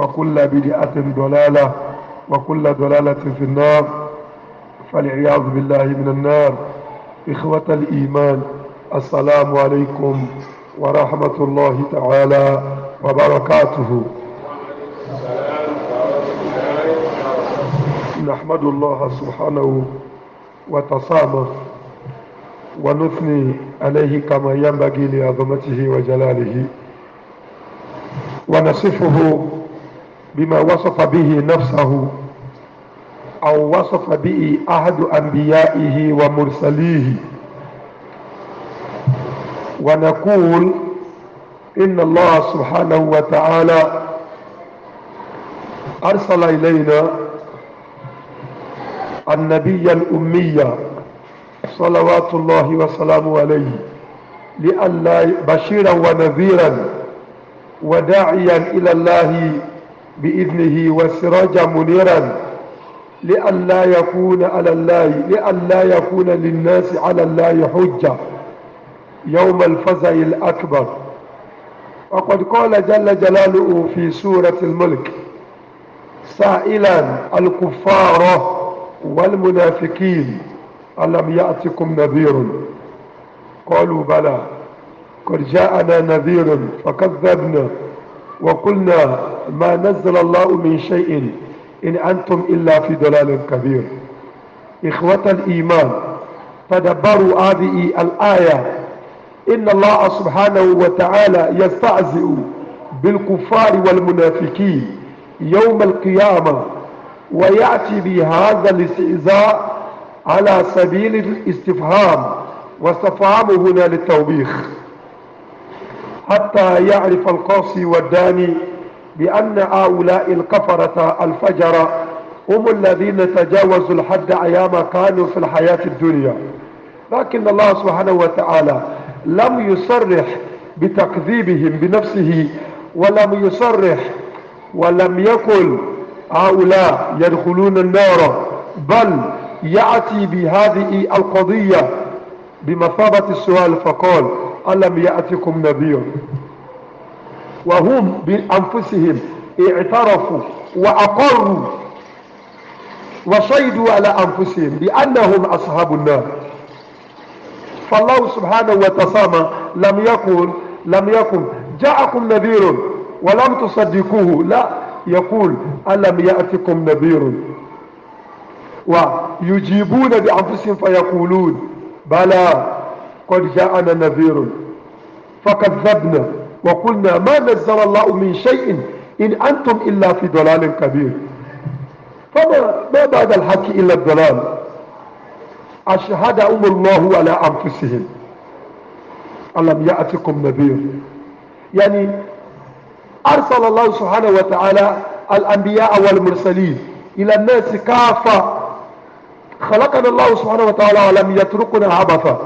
وكل بدعة ضلالة وكل ضلالة في النار فالعياذ بالله من النار إخوة الإيمان السلام عليكم ورحمة الله تعالى وبركاته نحمد الله سبحانه وتصامه ونثني عليه كما ينبغي لعظمته وجلاله ونصفه بما وصف به نفسه أو وصف به أحد أنبيائه ومرسليه ونقول إن الله سبحانه وتعالى أرسل إلينا النبي الأمي صلوات الله وسلامه عليه لألا بشيرا ونذيرا وداعيا إلى الله بإذنه وسراجا منيرا لئلا يكون على الله لئلا يكون للناس على الله حجة يوم الفزع الأكبر وقد قال جل جلاله في سورة الملك سائلا الكفار والمنافقين ألم يأتكم نذير قالوا بلى قد جاءنا نذير فكذبنا وقلنا ما نزل الله من شيء إن أنتم إلا في ضلال كبير إخوة الإيمان تدبروا هذه الآية إن الله سبحانه وتعالى يستعزئ بالكفار والمنافقين يوم القيامة ويأتي بهذا الاستعزاء على سبيل الاستفهام واستفهام هنا للتوبيخ حتى يعرف القاصي والداني بأن هؤلاء الكفرة الفجرة هم الذين تجاوزوا الحد أيام كانوا في الحياة الدنيا لكن الله سبحانه وتعالى لم يصرح بتكذيبهم بنفسه ولم يصرح ولم يقل هؤلاء يدخلون النار بل يأتي بهذه القضية بمثابة السؤال فقال alam ya'tikum nadhir wa hum bi anfusihim i'tarafu wa aqarru wa shaidu ala anfusihim bi annahum ashabun nar فالله سبحانه وتسامى لم يقل لم يكن جاءكم نذير ولم تصدقوه لا يقول ألم يأتكم نذير ويجيبون بأنفسهم فيقولون بلى قد جاءنا نذير فكذبنا وقلنا ما نزل الله من شيء إن أنتم إلا في ضلال كبير فما ما بعد الحق إلا الضلال أشهدهم الله على أنفسهم ألم يأتكم نذير يعني أرسل الله سبحانه وتعالى الأنبياء والمرسلين إلى الناس كافة خلقنا الله سبحانه وتعالى ولم يتركنا عبثا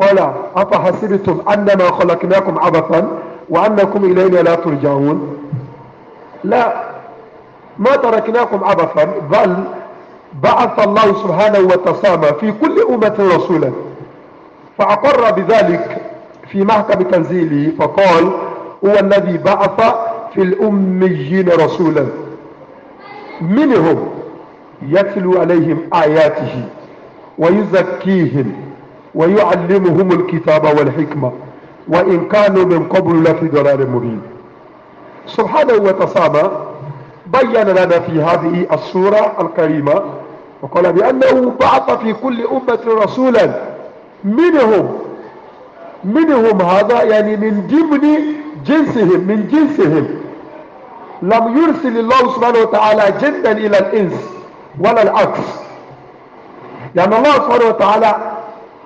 قال أفحسبتم أنما خلقناكم عبثا وأنكم إلينا لا ترجعون لا ما تركناكم عبثا بل بعث الله سبحانه وتسامى في كل أمة رسولا فأقر بذلك في محكم تنزيله فقال هو الذي بعث في الأميين رسولا منهم يتلو عليهم آياته ويزكيهم ويعلمهم الكتاب والحكمة وإن كانوا من قبل لفي ضلال مبين سبحانه وتعالى بين لنا في هذه السورة الكريمة وقال بأنه بعث في كل أمة رسولا منهم منهم هذا يعني من ضمن جنسهم من جنسهم لم يرسل الله سبحانه وتعالى جدا إلى الإنس ولا العكس يعني الله سبحانه وتعالى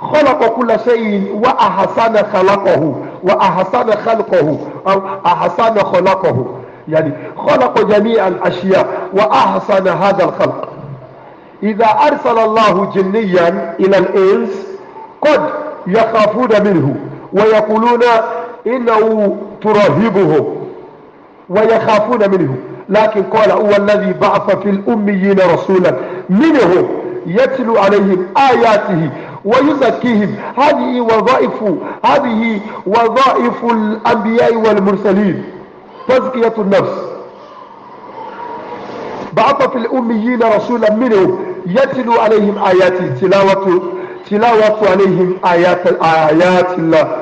خلق كل شيء وأحسن خلقه وأحسن خلقه أو أحسن خلقه يعني خلق جميع الأشياء وأحسن هذا الخلق إذا أرسل الله جنيا إلى الإنس قد يخافون منه ويقولون إنه ترهبه ويخافون منه لكن قال هو الذي بعث في الأميين رسولا منهم يتلو عليهم آياته ويزكيهم هذه وظائف هذه وظائف الأنبياء والمرسلين تزكية النفس بعث في الأميين رسولا منهم يتلو عليهم آياته تلاوة تلاوة عليهم آيات آيات الله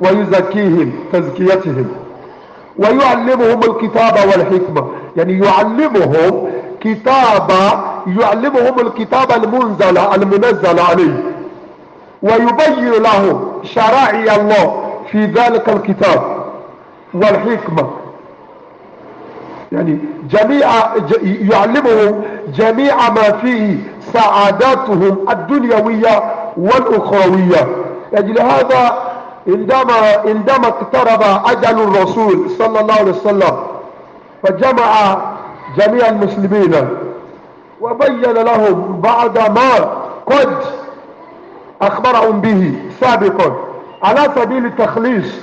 ويزكيهم تزكيتهم ويعلمهم الكتاب والحكمة يعني يعلمهم كتاب يعلمهم الكتاب المنزل المنزل عليه ويبين له شرائع الله في ذلك الكتاب والحكمة يعني جميع يعلمهم جميع ما فيه سعاداتهم الدنيوية والأخروية يعني لأجل هذا عندما عندما اقترب أجل الرسول صلى الله عليه وسلم فجمع جميع المسلمين وبين لهم بعد ما قد أخبرهم به سابقا على سبيل التخليص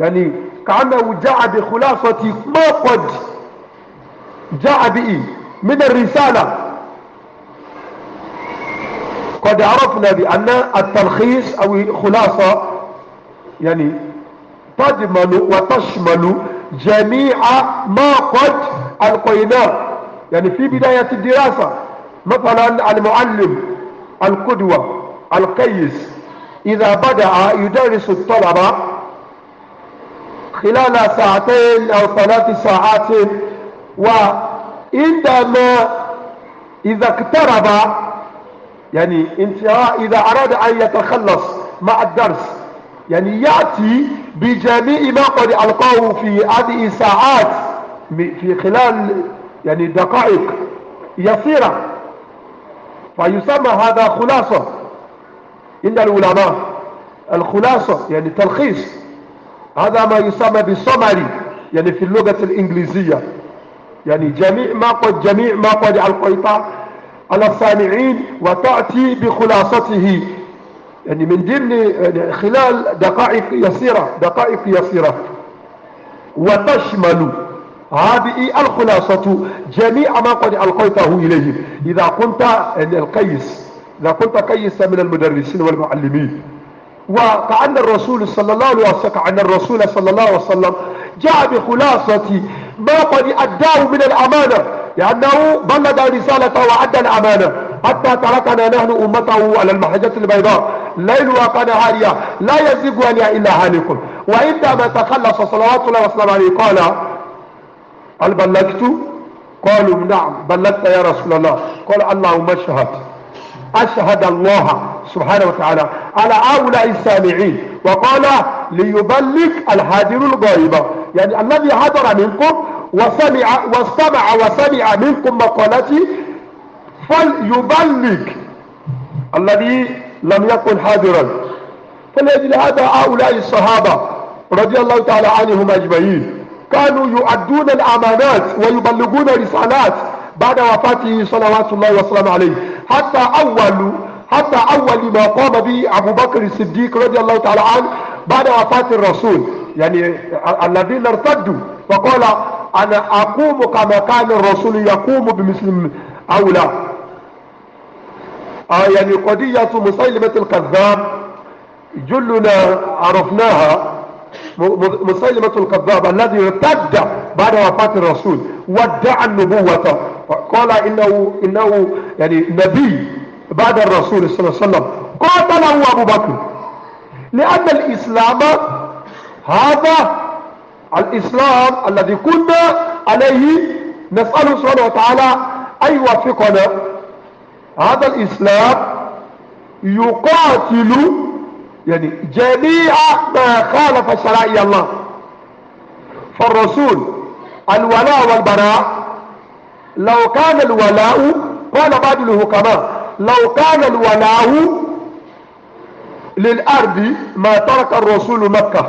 يعني كأنه جاء بخلاصة ما قد جاء به من الرسالة قد عرفنا بأن التلخيص أو الخلاصة يعني تضمن وتشمل جميع ما قد ألقيناه يعني في بداية الدراسة مثلا المعلم القدوة القيس إذا بدأ يدرس الطلبة خلال ساعتين أو ثلاث ساعات وعندما إذا اقترب يعني انتهاء إذا أراد أن يتخلص مع الدرس يعني يأتي بجميع ما قد ألقاه في هذه الساعات في خلال يعني دقائق يسيرة فيسمى هذا خلاصة إن العلماء الخلاصة يعني تلخيص هذا ما يسمى بالصمري يعني في اللغة الإنجليزية يعني جميع ما قد جميع ما قد القيطة على السامعين وتأتي بخلاصته يعني من ضمن يعني خلال دقائق يسيرة دقائق يسيرة وتشمل هذه الخلاصة جميع ما قد ألقيته إليهم إذا كنت يعني القيس كنت كيس من المدرسين والمعلمين وكأن الرسول صلى الله عليه وسلم عن الرسول صلى الله عليه وسلم جاء بخلاصة ما قد أداه من الأمانة لأنه بلغ رسالته وعد الأمانة حتى تركنا نحن أمته على المحجة البيضاء ليل وقنهارية لا يزيق أن إلا هالكم وعندما تخلص صلوات الله وسلم عليه قال هل بلغت؟ قالوا نعم بلغت يا رسول الله قال اللهم اشهد أشهد الله سبحانه وتعالى على هؤلاء السامعين وقال ليبلغ الحاضر الغائب يعني الذي حضر منكم وسمع واستمع وسمع منكم مقالتي فليبلغ الذي لم يكن حاضرا فلأجل هذا هؤلاء الصحابة رضي الله تعالى عنهم أجمعين كانوا يؤدون الأمانات ويبلغون الرسالات بعد وفاته صلوات الله وسلامه عليه حتى أول حتى أول ما قام به أبو بكر الصديق رضي الله تعالى عنه بعد وفاة الرسول يعني الذين ارتدوا فقال أنا أقوم كما كان الرسول يقوم بمثل أو لا آه يعني قضية مسيلمة الكذاب جلنا عرفناها مسيلمة الكذاب الذي ارتد بعد وفاة الرسول ودع النبوة قال إنه, إنه يعني نبي بعد الرسول صلى الله عليه وسلم قاتله أبو بكر لأن الإسلام هذا الإسلام الذي كنا عليه نسأله سبحانه وتعالى أن يوفقنا هذا الإسلام يقاتل يعني جميع ما خالف شرائع الله فالرسول الولاء والبراء لو كان الولاء قال بعض الحكماء لو كان الولاء للأرض ما ترك الرسول مكة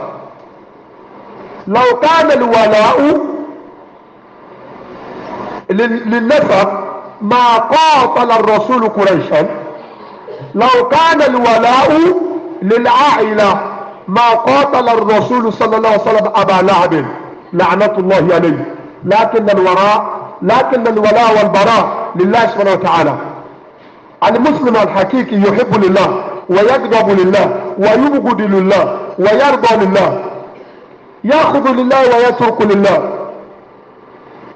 لو كان الولاء للنسب ما قاتل الرسول قريشا لو كان الولاء للعائلة ما قاتل الرسول صلى الله عليه وسلم أبا لعب لعنة الله عليه لكن الوراء لكن الولاء والبراء لله سبحانه وتعالى المسلم الحقيقي يحب لله ويكذب لله ويبغض لله ويرضى لله ياخذ لله ويترك لله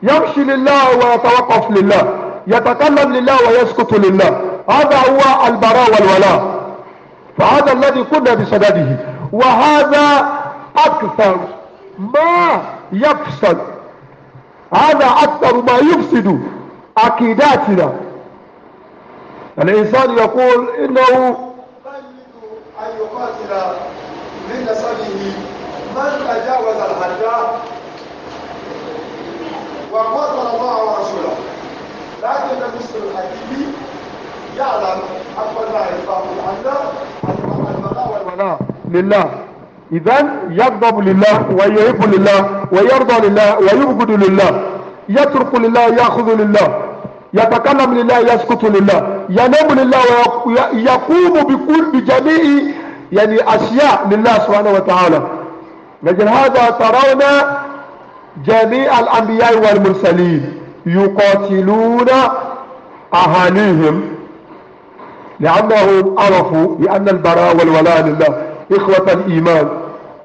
يمشي لله ويتوقف لله يتكلم لله ويسكت لله هذا هو البراء والولاء فهذا الذي كنا بصدده وهذا أكثر ما يفسد هذا أكثر ما يفسد عقيداتنا الإنسان يقول إنه يريد أن يقاتل من نسبه من تجاوز الحد وقاتل الله ورسوله لكن المسلم الحكيم يعلم أن لا ينفع البلاء والولاء لله إذا يغضب لله ويحب لله ويرضى لله ويبغض لله يترك لله يأخذ لله يتكلم لله يسكت لله ينام لله ويقوم بكل بجميع يعني أشياء لله سبحانه وتعالى لكن هذا ترون جميع الأنبياء والمرسلين يقاتلون أهاليهم لأنهم عرفوا بأن البراء والولاء لله إخوة الإيمان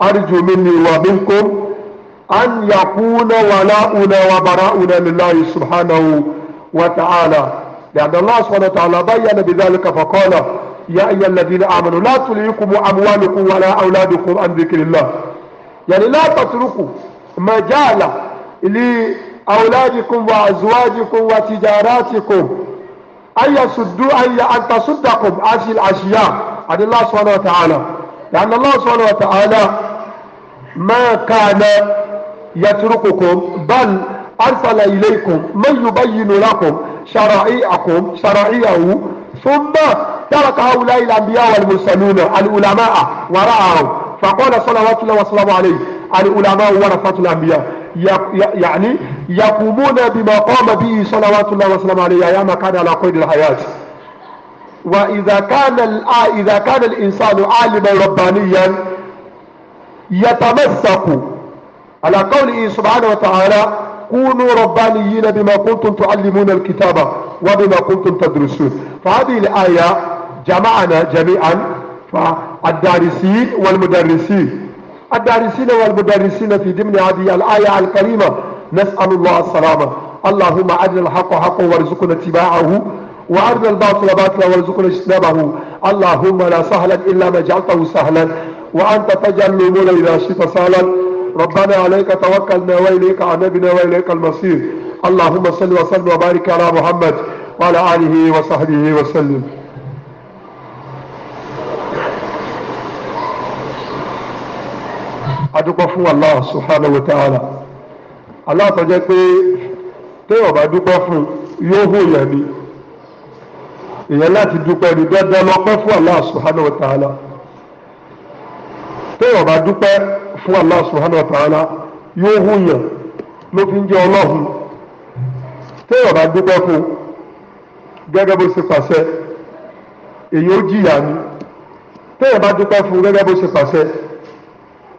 أرجو مني ومنكم أن يكون ولاؤنا وبراؤنا لله سبحانه وتعالى لأن الله سبحانه وتعالى بين بذلك فقال يا أيها الذين آمنوا لا تلهكم أموالكم ولا أولادكم عن ذكر الله يعني لا تتركوا مجال لأولادكم وأزواجكم وتجاراتكم أن يصدوا أن أن تصدقوا أشي الأشياء عن الله سبحانه وتعالى لأن الله سبحانه وتعالى ما كان يترككم بل أرسل إليكم من يبين لكم شرائعكم شرائعه ثم ترك هؤلاء الأنبياء والمرسلون العلماء وراءهم فقال صلوات الله وسلامه عليه العلماء ورثة الأنبياء يعني يقومون بما قام به صلوات الله وسلامه عليه أيام كان على قيد الحياة وإذا كان آه، إذا كان الإنسان عالما ربانيا يتمسك على قوله سبحانه وتعالى كونوا ربانيين بما كنتم تعلمون الكتاب وبما كنتم تدرسون فهذه الآية جمعنا جميعا فالدارسين والمدرسين الدارسين والمدرسين في ضمن هذه الآية الكريمة نسأل الله السلامة اللهم أرنا الحق حقا وارزقنا اتباعه وأرنا الباطل باطلا وارزقنا اجتنابه اللهم لا سهلا إلا ما جعلته سهلا وأنت تجعل الأمور إذا شئت سهلا ربنا عليك توكلنا وإليك عنبنا وإليك المصير اللهم صل وسلم وبارك على محمد وعلى آله وصحبه وسلم adúpọ̀ الله سبحانه وتعالى aláàtọ̀jẹ́ pé téèyàn bá dúpẹ́ fún yóò hù yẹn ni èèyàn láti dúpẹ́ ni dandan lọ́pẹ́ fún Allah subhanahu wa ta'ala téèyàn bá dúpẹ́ fún Allah subhanahu wa ta'ala yóò hù yẹn ló fi ń jẹ́ ọlọ́hun téèyàn bá dúpẹ́ fún gẹ́gẹ́ bó ṣe pàṣẹ èyí ó jìyà ni téèyàn bá dúpẹ́ fún gẹ́gẹ́ bó ṣe pàṣẹ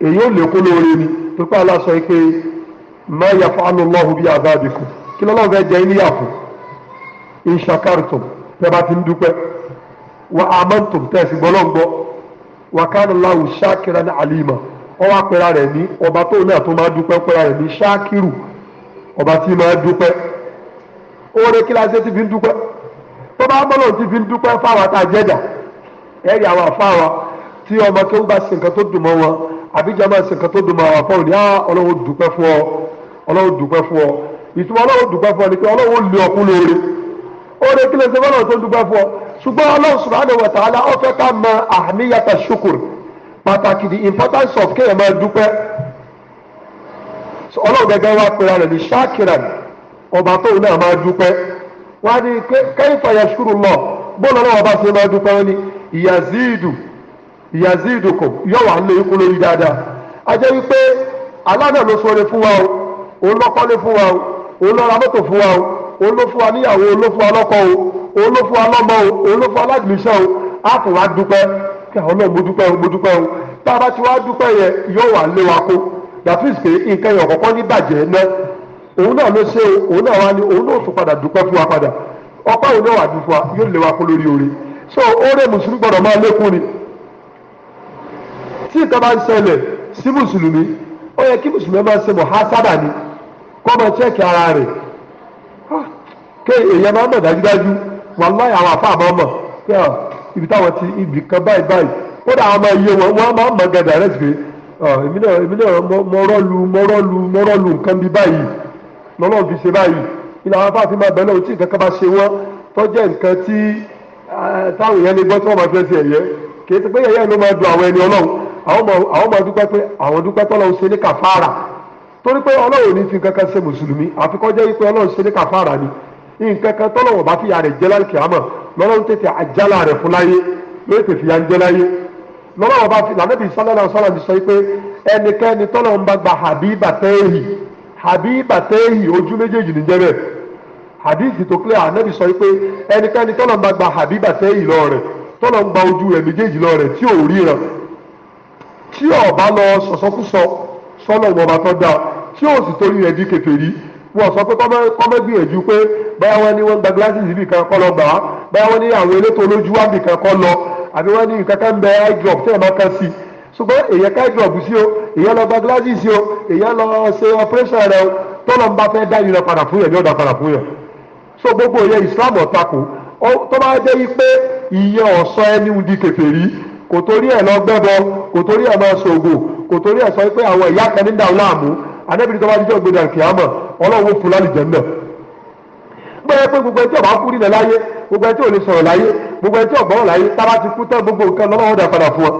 èyí ó lékún lóore ni pípa aláṣọ yìí pé ma yaf'alu Allahu bi azabikum kí lọ́lọ́run fẹ́ jẹ́ níyà fún in shakartum tẹ́ bá ti ń dúpẹ́ wa amantum tẹ́ sì gbọ́ lọ́ngbọ́ wa kana Allahu shakiran alima ọwọ́ apẹ̀rẹ̀ rẹ̀ ní ọba tó náà tó máa dúpẹ́ pẹ̀rẹ̀ rẹ̀ ní shakiru ọba tí máa dúpẹ́ oore kí lásìkò ti fi ń dúpẹ́ tó bá mọ́lọ̀ ti fi ń dúpẹ́ fáwọn àtàjẹ́dà ẹ̀rí àwọn àfáwọn tí ọmọ tó ń bá sìnkàn tó dùn mọ́ wọn àbíjà máa sìnkàn tó dùn mọ́ àwọn àfọwọ́ ní ah, ọlọ́wọ́ dúpẹ́ fún ọ ọlọ́run dúpẹ́ fún ọ ìtumọ̀ ọlọ́run dúpẹ́ fún ọ ni pé ọlọ́run lé ọkún lóore oore kí lè ṣe fọlọ́ tó dúpẹ́ fún ọ ṣùgbọ́n ọlọ́run subhanahu wa ta'ala ó fẹ́ ká mọ àníyàtà ṣukur pàtàkì the importance of kéèyàn máa dúpẹ́ ọlọ́run gẹ́gẹ́ wá pera rẹ̀ ní ṣáàkìràn ọba tóun náà máa dúpẹ́ wá ní kayfa yashkuru Allah bọ́ọ̀lù ọlọ́run ọba ṣe máa dúpẹ́ wọn ni ìyàzíìdù ìyàzíìdù kò yọ̀wà ń lè ikú lórí dáadáa a jẹ́ wípé aláàdà ló sọ ọ́ fún wa o òun fún wa o òun fún wa o òun wa níyàwó wa o òun wa lọ́mọ o òun wa ládùúgbò o wá dúpẹ́ kí àwọn náà o o tá a bá ti wá dúpẹ́ yóò lé wa kó pé nǹkan òun náà wá ní òun náà tún padà dúpẹ́ fún wa padà ọpẹ́ òun náà wà dúpẹ́ wa yóò lé wa kó lórí oore so ni tí nǹkan bá ń ṣẹlẹ̀ sí mùsùlùmí ó yẹ kí mùsùlùmí máa se mọ̀hásábà ni kó máa ṣẹ́ẹ̀kì ara rẹ̀ ah, ké èèyàn máa mọ̀ dájúdájú wàláhì àwọn àfa àmọ́ mọ̀ pé ọ ah, ibi táwọn ti ibì kan báyìí báyìí ó dà àwọn máa yé wọn wọn máa mọ̀ gẹ̀dà rẹ̀ sí pé ọ ah, èmi náà èmi náà mọ̀rọ́lu mọ̀rọ́lu mọ̀rọ́lu nǹkan bí báyìí lọ́nà fi ṣe báyìí ilẹ̀ àwọn afáàfin máa bẹ̀rẹ̀ òtí nǹkan kan bá ṣe wọ́n tó jẹ́ nǹkan tí táwọn èèyàn lè gbọ́ tí wọ́n máa fẹ́ ṣe ẹ̀yẹ kìí ti pé yẹ̀yẹ́ ló máa du àwọn ẹni ọlọ́run àwọn máa dúpẹ́ pé àwọn dúpẹ́ tọ́lọ́run ṣe ní kàfàrà torí pé ọlọ́run ò ní fi kankan ṣe mùsùlùmí àfikọ́ jẹ́ wípé ọlọ́run ṣe ní kàfàrà ni nǹkan kan tọ́lọ́run bá fìyà rẹ̀ jẹ́ láìkè àmọ́ lọ́lọ́run tètè àjálà rẹ̀ fún láyé lórí tètè fìyà ń jẹ́ láyé lọ́lọ́run bá fi lànàbí sálọ́lá sálọ́ ti sọ pé ẹnikẹ́ni tọ́lọ́run bá gba habiba tẹ́ẹ̀hì habiba tẹ́ẹ̀hì ojú méjèèjì ní jẹ́bẹ̀ hadith tó clear ànàbí sọ pé ẹnikẹ́ni tọ́lọ́run bá gba habiba tẹ́ẹ̀hì lọ́rẹ̀ tọ́lọ̀ ń gba ojú rẹ̀ méjèèjì lọ rẹ̀ tí ò ríran tí ọba lọ sọ̀sọ́kúsọ sọ́lọ̀ wọn bá tọ́ da tí ò sì torí rẹ̀ di kèfèrí wọn sọ pé kọ́mẹ́ gbìyànjú pé báyà wọn ni wọ́n gba gíláàsì síbì kan kọ́ lọ gbà á báyà wọn ni àwọn elétò olójú wà bì kan kọ́ lọ àbí wọn ní nǹkan kan bẹ eye drop tẹ́ ẹ̀ máa kan sí i ṣùgbọ́n èyàn ká eye drop sí o èyàn lọ gba gíláàsì sí o èyàn lọ ṣe operation rẹ tọ́lọ̀ ń bá fẹ́ dá ìrìnà padà fún yẹn ní ọ̀dà padà fún yẹn so gbogbo yẹn Islam ò tó bá jẹ́ wípé iye ọ̀sọ́ ẹni ń di kèfèrí kò torí ẹ̀ lọ gbẹ́bọ kò torí ẹ̀ lọ sògùn kò torí ẹ̀ sọ pé àwọn ìyá kan ní dàrú láàmú anábìrin tó bá jíjọ́ gbẹdẹ kìámọ̀ ọlọ́run fún lálùjẹ́ náà gbẹ́rẹ́ pé gbogbo ẹtí ọba kú nílẹ̀ láyé gbogbo ẹtí ò sọ̀rọ̀ láyé gbogbo ẹtí ọ̀gbọ́n láyé tába ti kú tán gbogbo nǹkan lọ́wọ́ dà padà fún ọ.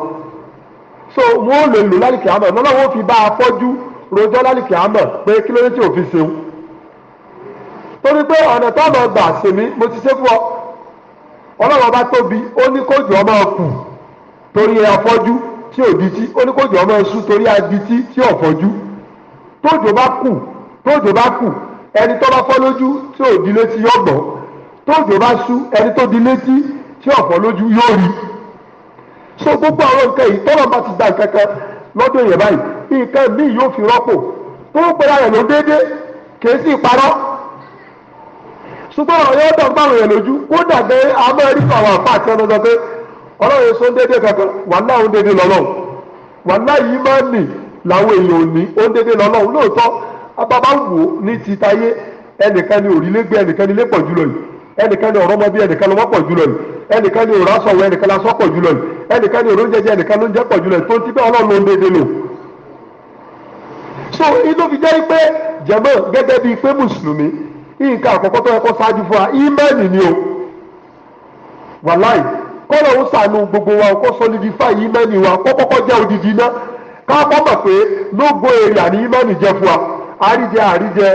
so wọn ò lè lò lálùkì àmọ̀ lọ́wọ́ fi bá a fọ́jú rojọ́ lálùkì àmọ̀ pé kí ló tí ò ṣeun. torí pé ọ̀nà táwọn ọgbà sèmi mo ti ṣe fún ọ ọlọ́run ọba tóbi ó ní kójú ọmọ kù torí afọ́jú tí ò di tí ó ní kójú ọmọ sùn torí adití tí ò fọ́jú tójò bá kù tójò bá kù ẹni tó bá fọ́ lójú tí ò di létí yóò gbọ́ tójò bá sú ẹni tó di létí tí ò fọ́ lójú yóò rí so gbogbo àwọn nǹkan yìí tọ́lọ́ bá ti da nǹkan kan lọ́dún yẹn báyìí nǹkan míì yóò fi rọ́pò tó ń pera rẹ̀ ló déédéé kèé sì parọ́ ṣùgbọ́n ọ̀rọ̀ yóò dọ̀gbà àwọn èèyàn lójú kó dàgbẹ́ amẹ́ríkà àwọn àpá àti ọ̀nà sọ pé ọlọ́run sọ déédéé kankan wà náà ń déédéé lọ́lọ́run wà náà yìí máa nì èèyàn ò ní ó ń déédéé lọ́lọ́run lóòótọ́ wò ní ti ẹnìkan ni gbé ẹnìkan ni ilé pọ̀ jùlọ yìí ẹnìkan ni ọ̀rọ̀ mọ bí ẹnìkan pọ̀ jùlọ yìí ẹnìkan ni òrò aṣọwọ́ ẹnìkan lásọ pọ̀ jùlọ yìí ẹnìkan ni so inú fi jẹ́ nǹkan àkọ́kọ́ tó yẹ kó ṣáájú fún wa ímẹ́ẹ̀lì ni o wàláì kọ́lọ̀ ń sànú gbogbo wa kó solidify ímẹ́ẹ̀lì wa kó kọ́kọ́ jẹ́ odidi iná káàkọ́ mọ̀ pé lógo èrè àní ímẹ́ẹ̀lì jẹ́ fún wa àríjẹ àríjẹ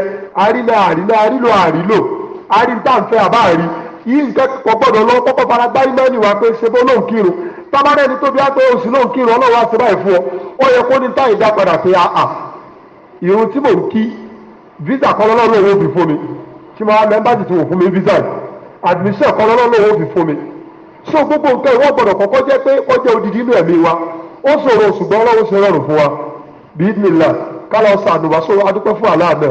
àrílẹ̀ àrílẹ̀ àrílò àrílò àríntàǹfẹ́ àbáàrí yìí nǹkan kọ̀ gbọ́dọ̀ lọ kọ́kọ́ fara gbá ímẹ́ẹ̀lì wa pé ṣe bó lóun kírun tábàdé ni tóbi á pé oṣù lóun kírun ọlọ́wọ́ á ṣe báyìí fún ọ ó yẹ kó ní táyì dá padà pé àà ìrun tí mò ń kí visa kọ́ lọ́lọ́run òun òbí fún mi kí máa mẹ́mbàjì tó wò fún mi visa admission kan lọ́lọ́lọ́ wò fi fún mi so gbogbo nǹkan ìwọ gbọ́dọ̀ kọ́kọ́ jẹ́ pé ó jẹ́ odidi inú ẹ̀mí wa ó ṣòro ṣùgbọ́n Ọlọ́run ṣe rọrùn fún wa bíi nìlá kálọ sàdùnwá so adúpẹ́ fún aláàbẹ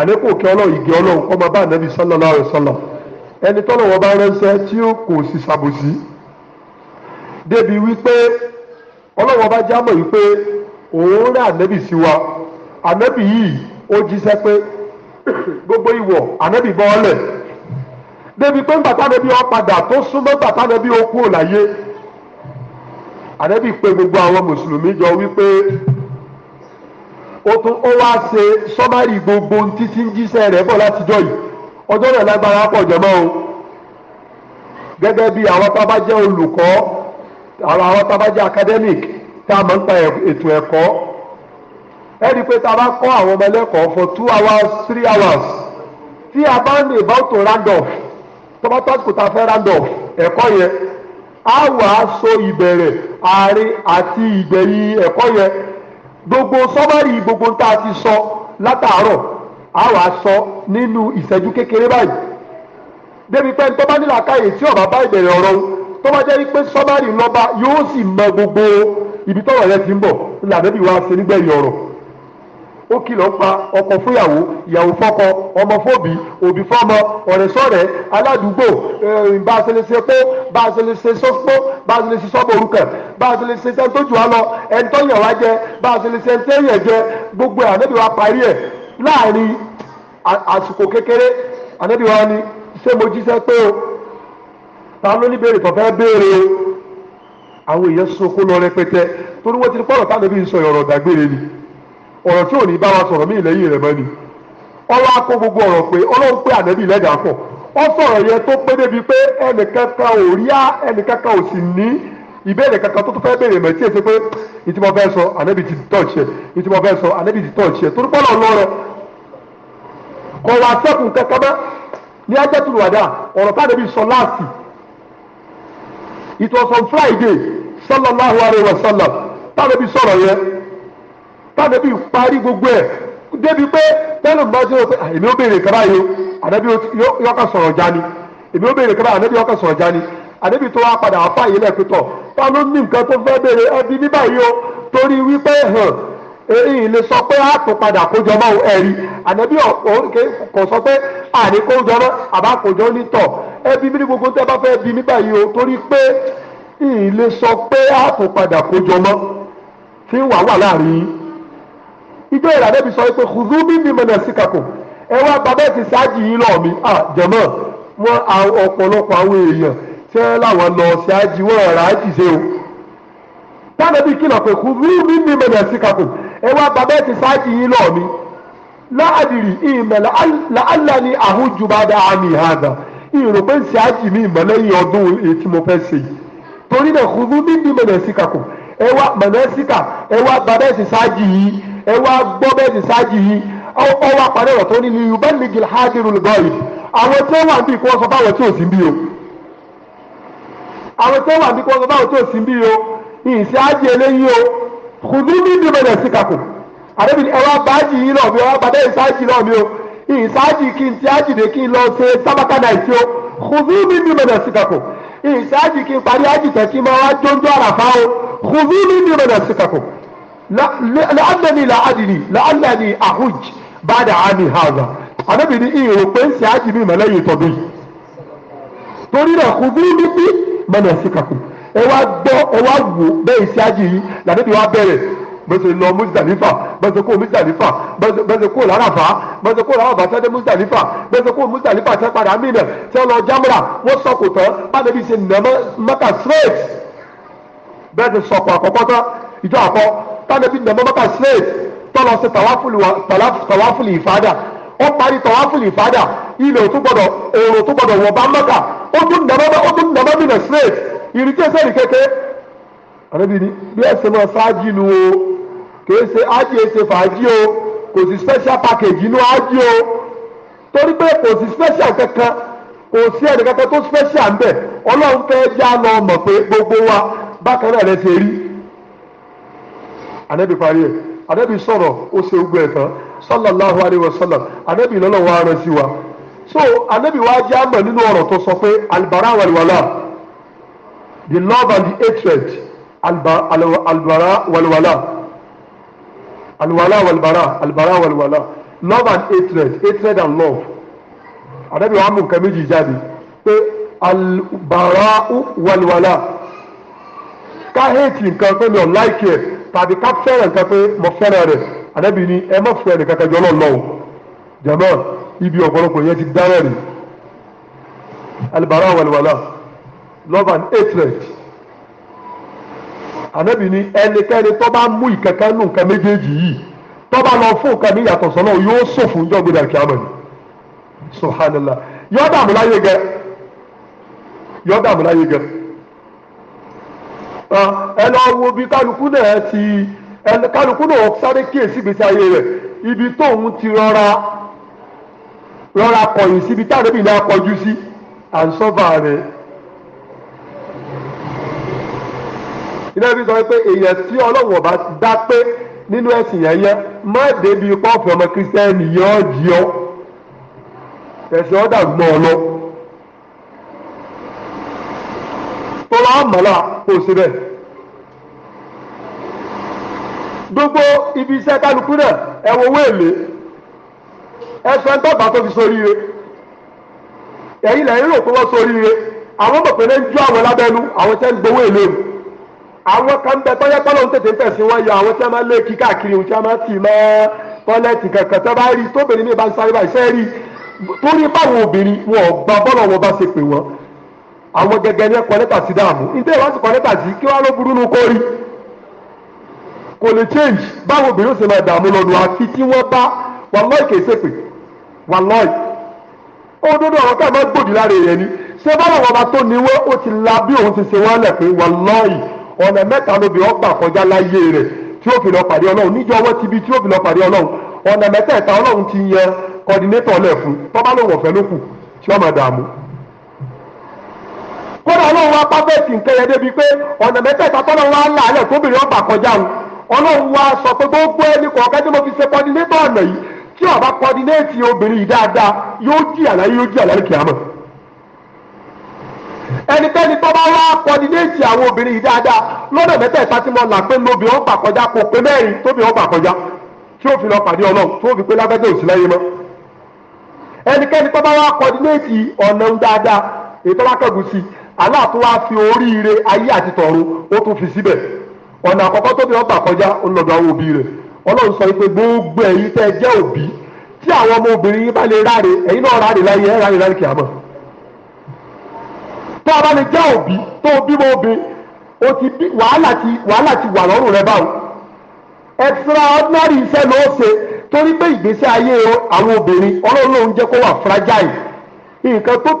àlékún òkè Ọlọ́run ìgè Ọlọ́run kọ máa bá ànábì sallallahu alaihi wasallam ẹni tọ́lọ̀ wọn bá ránṣẹ́ tí ó kò sì ṣàbòsí débi wípé ọlọ́wọ́n bá jámọ̀ wípé òun rán ànábì sí wa ànábì yìí ó jíṣẹ́ pé gbogbo ịwọ ànábì bọ́ ọ́lẹ̀ débi pé mbata tánábì ó to tó súnmọ́ ńgbà tánábì ó kú òláyé ànábì pé gbogbo àwọn mùsùlùmí jọ wípé ó tún ó wá ṣe sọ́márì gbogbo títí ń jíṣẹ́ rẹ̀ bọ̀ látijọ́ yìí ọjọ́ náà lágbára pọ̀ o gẹ́gẹ́ ẹni pé tá a bá kọ́ àwọn ọmọ ẹlẹ́kọ̀ọ́ for two hours three hours tí a bá ní about to round off tọ́ba tásìkò tá a fẹ́ round off ẹ̀kọ́ yẹn á wà á so ìbẹ̀rẹ̀ àárín àti ìgbẹ̀yìn ẹ̀kọ́ yẹn gbogbo sọ́mọ́rì gbogbo tá a ti sọ látàárọ̀ á wà á sọ nínú ìṣẹ́jú kékeré báyìí débi pé tọ́ba nílò àkáyè tí ọ̀bá bá ìbẹ̀rẹ̀ ọ̀rọ̀ tó bá jẹ́ pé sọ́mọ́rì lọ́ba yóò sì mọ gbogbo ibi tọ́rọ̀ yẹn ti ń bọ̀ ńlá débi wá ṣe nígbẹ̀yìn ọ̀rọ̀ ó kìlọ̀ pa ọkọ fúyàwó ìyàwó fọ́kọ ọmọ fóbi òbí fọ́mọ ọ̀rẹ́ sọ̀rẹ́ aládùúgbò eh, bá a ṣe lè ṣe pé bá a ṣe lè ṣe sọ́pọ̀ bá a ṣe lè ṣe sọ́mọ orúkẹ̀ bá a ṣe lè ṣe sẹ́ni tó jù á lọ ẹni tó yàn wá jẹ bá a ṣe lè ṣe ẹni tó yàn jẹ gbogbo ẹ̀ wa parí ẹ̀ láàrin àsìkò kékeré ànábì wa ni ṣé mo jíṣẹ́ pé o ta ló ní béèrè tó béèrè o àwọn èèyàn sunkún lọ rẹpẹtẹ torí wọ́n ti ní pọ́nrọ̀ ọ̀rọ̀ tí ò ní bá wa sọ̀rọ̀ mí lẹ́yìn rẹ̀ mọ́ ni ọlọ́ akó gbogbo ọ̀rọ̀ pé ọlọ́run pé ànábì lẹ́dàá pọ̀ ọ sọ̀rọ̀ yẹn tó pé débi pé ẹnìkankan ò rí ẹnìkankan ò sì ní ìbéèrè kankan tó tó fẹ́ béèrè mẹ́tí ẹ̀ ṣe pé ìtìmọ̀ fẹ́ sọ ànábì ti tọ́ọ̀ṣì ẹ̀ ìtìmọ̀ fẹ́ sọ ànábì ti tọ́ọ̀ṣì ẹ̀ torí pọ́lọ̀ lọ́rọ̀ kọ̀ wá sẹ́kùn kankan mọ́ ní ajẹ́tùrù àdá ọ̀rọ̀ tá ànábì sọ láàsì it was on Friday sallallahu alayhi wa sallam tá ànábì sọ̀rọ̀ yẹn tàbí parí gbogbo ẹ̀ débi pé tẹ́lẹ̀ bá ti rò pé èmi ó béèrè kaba yìí o ànábi yọkàn sọ̀rọ̀ já ni èmi ó béèrè kaba ànábi yọkàn sọ̀rọ̀ já ni ànábi tó wá padà wá fàyè lẹ́ẹ̀pẹ́tọ̀ ta ló ní nǹkan tó fẹ́ béèrè ẹbí ní báyìí o torí wípé hàn èyí lè sọ pé a tún padà kójọ mọ́ ẹ̀rí ànábi kò sọ pé àní kójọ mọ́ àbá kójọ nítọ̀ ẹbí mi ní gbogbo tẹ́ bá fẹ́ bí ní báyìí o torí pé èyí lè sọ pé a tún padà kójọ mọ́ tí wàá wà láàrin yìí ìjọ ìlànà ibi sọ pé kùzú mi ní mọ̀nà síkàkùn ẹ wá bàbá ẹ̀ ti ṣáàjì yín lọ mi ah, jẹ̀mọ́ wọn ọ̀pọ̀lọpọ̀ àwọn èèyàn tí wọ́n láwọn lọ ṣáàjì wọn ọ̀rá jìṣe o tánàbí kìlọ̀ pé kùzú mi ní mọ̀nà síkàkùn ẹ wá bàbá ẹ̀ ti ṣáàjì yín lọ mi láàdìrí ìmẹ̀ làálà ni àhújùbádà àmì ìhàdà ìrò pé ṣáàjì mi ìmọ̀ lẹ́yìn ọdún èyí mo fẹ́ ṣe torí náà kùzú mi ní mọ̀nà síkàkùn ẹ wá ẹ wá bàbá ẹ wá gbọ́ bẹ́ẹ̀ ní sáàjì yìí ọ wá parí ọ̀rọ̀ tó ní ní yorùbá nìgil hajjiru lùbọ́ọ̀lì àwọn tí ó wà níbi ìkọ́ sọ báwọn tí ò sí bí o àwọn tí ó wà níbi ìkọ́ sọ báwọn tí ò sí bí o ìsì ájì eléyìí o kùdú ní ìdúmọ̀lẹ̀ sí kàkù àdébí ẹ wá bá ájì yìí lọ́ọ̀mí ọ wá bá bẹ́ẹ̀ sáàjì lọ́ọ̀mí o ìsì ájì kí n ti ájì dé kí n lọ ṣe sábàkà náìtì o kùdú ní ìdúmọ̀lẹ̀ sí kàkù ìsì ájì kí n parí ájì tẹ̀ kí n máa wá jóńjó àràfá o kùdú ní ìdúmọ̀lẹ̀ sí kàkù la'allani la'adini la'allani ahuj bada ami haza anabi ni iye rò pé ń ṣe ájì mi mọ̀lẹ́yìn tọdún yìí torí náà kò bí níbí mọ̀nà síkàkù ẹ wá gbọ́ ẹ wá wò bẹ́ẹ̀ ṣe ájì yìí làdébí wá bẹ̀rẹ̀ bẹ́sẹ̀ lọ Muzdalifa bẹ́sẹ̀ kó Muzdalifa bẹ́sẹ̀ kó larafa bẹ́sẹ̀ kó larafa sẹ́dẹ̀ Muzdalifa bẹ́sẹ̀ kó Muzdalifa sẹ́ padà mìíràn sẹ́ lọ Jamra wọ́n sọkò tán bá dẹ́bi ṣe nàmọ́ Mẹ́kà straight bẹ́ẹ̀ ti sọkò àkọ́kọ́ tán ìjọ àkọ́ tánàbí nàmọ́ mọ́kà straight tọ́lọ sí tàwáfùlì ìfádà ó parí tàwáfùlì ìfádà ilẹ̀ tó gbọdọ̀ òòrùn tó gbọdọ̀ wọ̀ bá mọ́kà ó tún nàmọ́ bí nà straight ìrìkí ẹsẹ̀ rí kéke àrẹ́bí ni bí ẹsẹ̀ náà ṣáájì nu o kìí ṣe ájì ẹsẹ̀ fàájì o kò sí special package inú ájì o torí pé kò sí special kankan kò sí ẹnì kankan tó special ń bẹ ọlọ́run fẹ́ já lọ mọ̀ pé gbogbo wa bákan náà rẹ ṣe rí ànábì parí ẹ̀ ànábì sọ̀rọ̀ ó ṣe gbogbo ẹ̀ tán sallallahu alayhi wa sallam ànábì lọ́lọ́ wa rán sí wa so ànábì wa jẹ́ àmọ̀ nínú ọ̀rọ̀ tó sọ pé albara walwala the love and the hatred albara walwala alwala walbara albara walwala love and hatred hatred and love ànábì wa mú nǹkan méjì jáde pé albara walwala ká hate nǹkan pé mi ò like it tàbí ká fẹ́ràn nǹkan pé mo fẹ́ràn rẹ̀ ànábì ni ẹ má fẹ́ràn kankan jọ lọ́ọ̀ lọ́wọ́ jàmọ́ ibi ọ̀pọ̀lọpọ̀ yẹn ti dárẹ̀ rè alibara wàlúwàlá love and hatred ànábì ni ẹnikẹ́ni tó bá mú ìkankan nù nǹkan méjèèjì yìí tó bá lọ fún nǹkan ní ìyàtọ̀ sọ́nà yóò sòfò ńjọ́ gbé dàkí àmọ́ ni subhanallah yọ̀ọ́ dààmú láyé gẹ yọ̀ọ́ dààmú láyé gẹ ẹ lọ wo bí kálukú náà ti kálukú náà sáré kíyèsí ìgbésí ayé rẹ̀ ibi tóun ti rọra rọra kọ̀yìn síbi táwọn ẹbí náà kọjú sí à ń sọ́fà rẹ̀. iná bí sọ pé èèyàn tí ọlọ́run ọba dá pé nínú ẹ̀sìn yẹn yẹn má débi pọ́ọ̀fù ọmọ kristẹni yọ ọ́ jí ọ́ ẹ̀sìn ọ̀dà gbọ́n ọ lọ. tọ́lá mọ́lá kò sí bẹ́ẹ̀. gbogbo ibi iṣẹ́ kálukú náà ẹ wo owó èlé ẹ ń tọ́gbà tó fi sóríire ẹ̀yin lẹ́yìn rò pé wọ́n sóríire àwọn mọ̀ pé ní ń jó àwọn lábẹ́nu àwọn tẹ́ ń gbowó èlé àwọn kan bẹ ń tètè ń tẹ̀sí yọ àwọn tí wọ́n máa lé kí káàkiri bọ́lọ̀ wọn bá ṣe àwọn gẹgẹ ní kọ́nẹ́tà sí dààmú ìdí ìwà sí kọ́nẹ́tà sí kí wọ́n ló burú nu kórì kò lè change báwo obìnrin ṣe máa dààmú lọ́nu àfi tí wọ́n bá wàlọ́ọ̀ì kìí wà wàlọ́ọ̀ì ó dúdú ọ̀rọ̀ káà gbòdì lára èèyàn ni ṣé báwọn tó ó ti la bí òun ti ṣe pé ọ̀nà mẹ́ta lóbi kọjá láyé rẹ̀ tí ó fi lọ pàdé ọlọ́run bi tí ó fi lọ pàdé ọlọ́run ọ̀nà mẹ́tẹ̀ẹ̀ta ọlọ́run kódà ọlọ́run wá pápẹ́ẹ̀tì nǹkan yẹn débi pé ọ̀nà mẹ́tẹ̀ẹ̀ta tọ́lọ́run wá là tóbìnrin ọgbà kọjá o ọlọ́run wá sọ pé gbogbo ẹni kọ̀ọ̀kan tí mo fi ṣe kọ́dínétọ̀ ọ̀nà yìí tí bá obìnrin yìí dáadáa yóò jí láyé yóò jìyà ẹnikẹ́ni tó bá wá àwọn obìnrin yìí dáadáa mẹ́tẹ̀ẹ̀ta tí mo là pé lóbìnrin ọgbà kọjá kò Allah tó wá fi oríire ayé àti tọ̀run ó tún fi síbẹ̀ ọ̀nà àkọ́kọ́ tóbi kọjá ó lọ́dọ̀ àwọn òbí rẹ̀ ọlọ́run sọ pé gbogbo ẹ̀yin tẹ́ ẹ jẹ́ òbí tí àwọn ọmọ obìnrin yín bá lè ráre ẹ̀yin náà ráre láyé ẹ̀ ráre láyé kìámọ̀ tó o o ti bí wàhálà ti wàhálà ti wà lọ́rùn rẹ báwo extraordinary iṣẹ́ ló ṣe torí pé ìgbésí ayé àwọn obìnrin ọlọ́run ló ń jẹ́ kó wà fragile nǹkan tó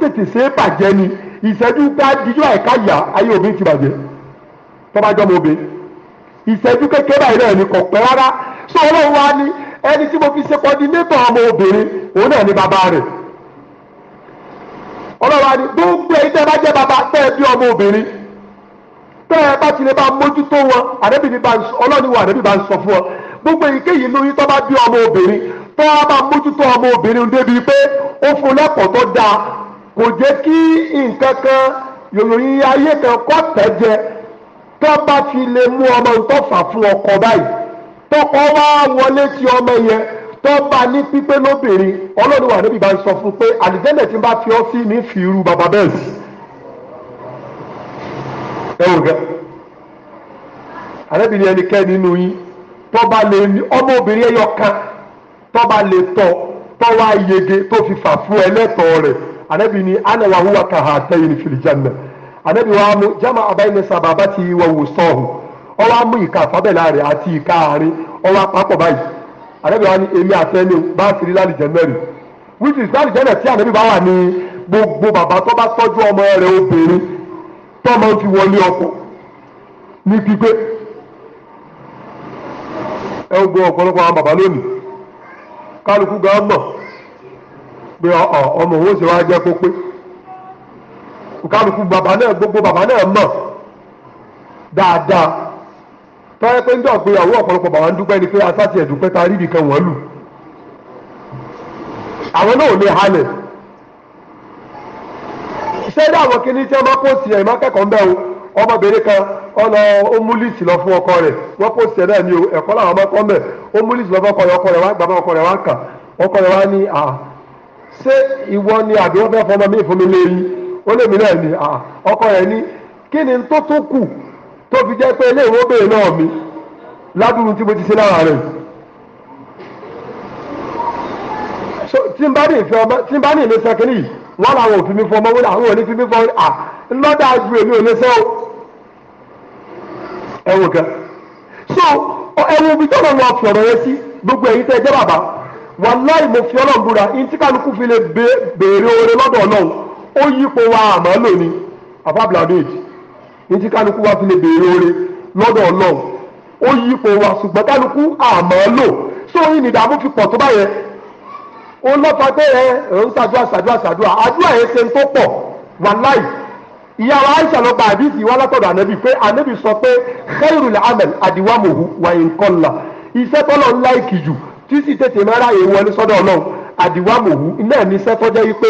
ìṣẹ́jú tá a dijú àìká yà ayé obìnrin ti bàjẹ́ tọ́ba jọmọ obìnrin ìṣẹ́jú kékeré báyìí náà ni kò pẹ́ rárá sọ ọlọ́run wa ni ẹni tí mo fi ṣe kọ́dínétọ̀ ọmọ obìnrin òun náà ni bàbá rẹ̀ ọlọ́run wa ni gbogbo ẹ̀yin tẹ́ bá jẹ́ bàbá tẹ́ ẹ bí ọmọ obìnrin tẹ́ ẹ bá tilẹ̀ bá mójútó wọn ọlọ́run wa àdẹ́bí bá ń sọ fún ọ gbogbo èyíkéyìí lóyún tó bá bí ọmọ obìnrin tó a bá mójútó ọmọ obìnrin débi pé ó fún lẹ́kọ̀ọ́ tó dáa kò jẹ́ kí nǹkan kan yòyòyìn ayé kan kọ́ tẹ̀ jẹ tó bá fi lè mú ọmọ tó fà fún ọkọ báyìí tọkọ wá wọlé tí ọmọ yẹn tó bá ní pípé lóbìnrin ọlọ́run wà níbi bá ń sọ fún pé àlìjẹ́lẹ̀ tí n bá fi ọ́ sí ní fi irú bàbá bẹ́ẹ̀ sí. ẹ wò gẹ́ àrẹ́bìnrin ẹnikẹ́ni nínú yín tó bá lè ní ọmọ obìnrin ẹyọ kan tó bá lè tọ́ tó wá yege tó fi fà fún ẹlẹ́tọ̀ọ́ rẹ̀ anabi ni ana wa huwa ka hatayin fil janna anabi wa mu jama abayna sababati wa wusahu ó wá ọwụwa ìka àfábẹ́lá rẹ̀ àti ìka àárín ó wá papọ̀ báyìí anabi wa ni emi àtẹni bá a siri láti jẹnẹ rẹ which is láti jẹnẹ tí anabi bá wà gbogbo bàbá tó ọmọ rẹ̀ obìnrin tọ́mọ fi wọlé ọkọ ní pípé ẹ gbọ́ ọ̀pọ̀lọpọ̀ àwọn bàbá lónìí kálukú gan mọ̀. pé ah, ah, ọmọ òun ṣe wá jẹ́ kó pé kálukú bàbá náà gbogbo bàbá náà mọ̀ dáadáa tọ́yẹ pé ń dọ̀ pé àwọn ọ̀pọ̀lọpọ̀ bàbá ń dúpẹ́ ni pé asáti ẹ̀dúpẹ́ ta rí nìkan wọ́n lù àwọn náà ò lè halẹ̀ àwọn tí wọ́n máa ẹ̀ máa kẹ́kọ̀ọ́ ń bẹ́ o ọmọbìnrin kan ọlọ lọ fún ọkọ náà ni o làwọn ṣé ìwọ ni àbí wọ́n fẹ́ fọmọ mi fún mi ó lè náà ni ah, ọkọ rẹ̀ ni tó tó kù tó fi jẹ́ pé ilé ìwé obìnrin náà mi ládùúgbò tí mo ti ṣe lára rẹ̀ tí n bá ní ìfẹ́ ọmọ tí n làwọn ò mi fọ ọmọ wọn àwọn ah, o ẹ̀wọ̀n kan so ẹ̀wọ̀n omi tó lọ́wọ́ fi ọ̀rọ̀ yẹn sí gbogbo ẹ wàláì mo fi ọlọ́run búra ntí kálukú fi lè béèrè oore lọ́dọ̀ ọlọ́run ó yípo wa àmọ́ lónìí àbábladéèdì ntí kálukú wa fi lè béèrè oore lọ́dọ̀ ọlọ́run ó yípo wa ṣùgbọ́n kálukú àmọ́ lò sóyún nìdààmú fi pọ̀ tó báyẹn ó lọ́fà pé ẹ ẹ̀ ń ṣàdúrà ṣàdúrà ṣàdúrà àdúrà yẹn ṣe ń tó pọ̀ wàláì ìyá wa aisha lọ gba àdìsí wa látọ̀dọ̀ ànábì pé ànábì sọ pé khairul amal adiwamuhu wa in qalla iṣẹ́ tọ́lọ̀ ń jù tí sì tètè máa ráàyè wọlé sọ́dọ̀ ọlọ́run àdìwá mòwú iná ní sẹ́tọ́jẹ́ wípé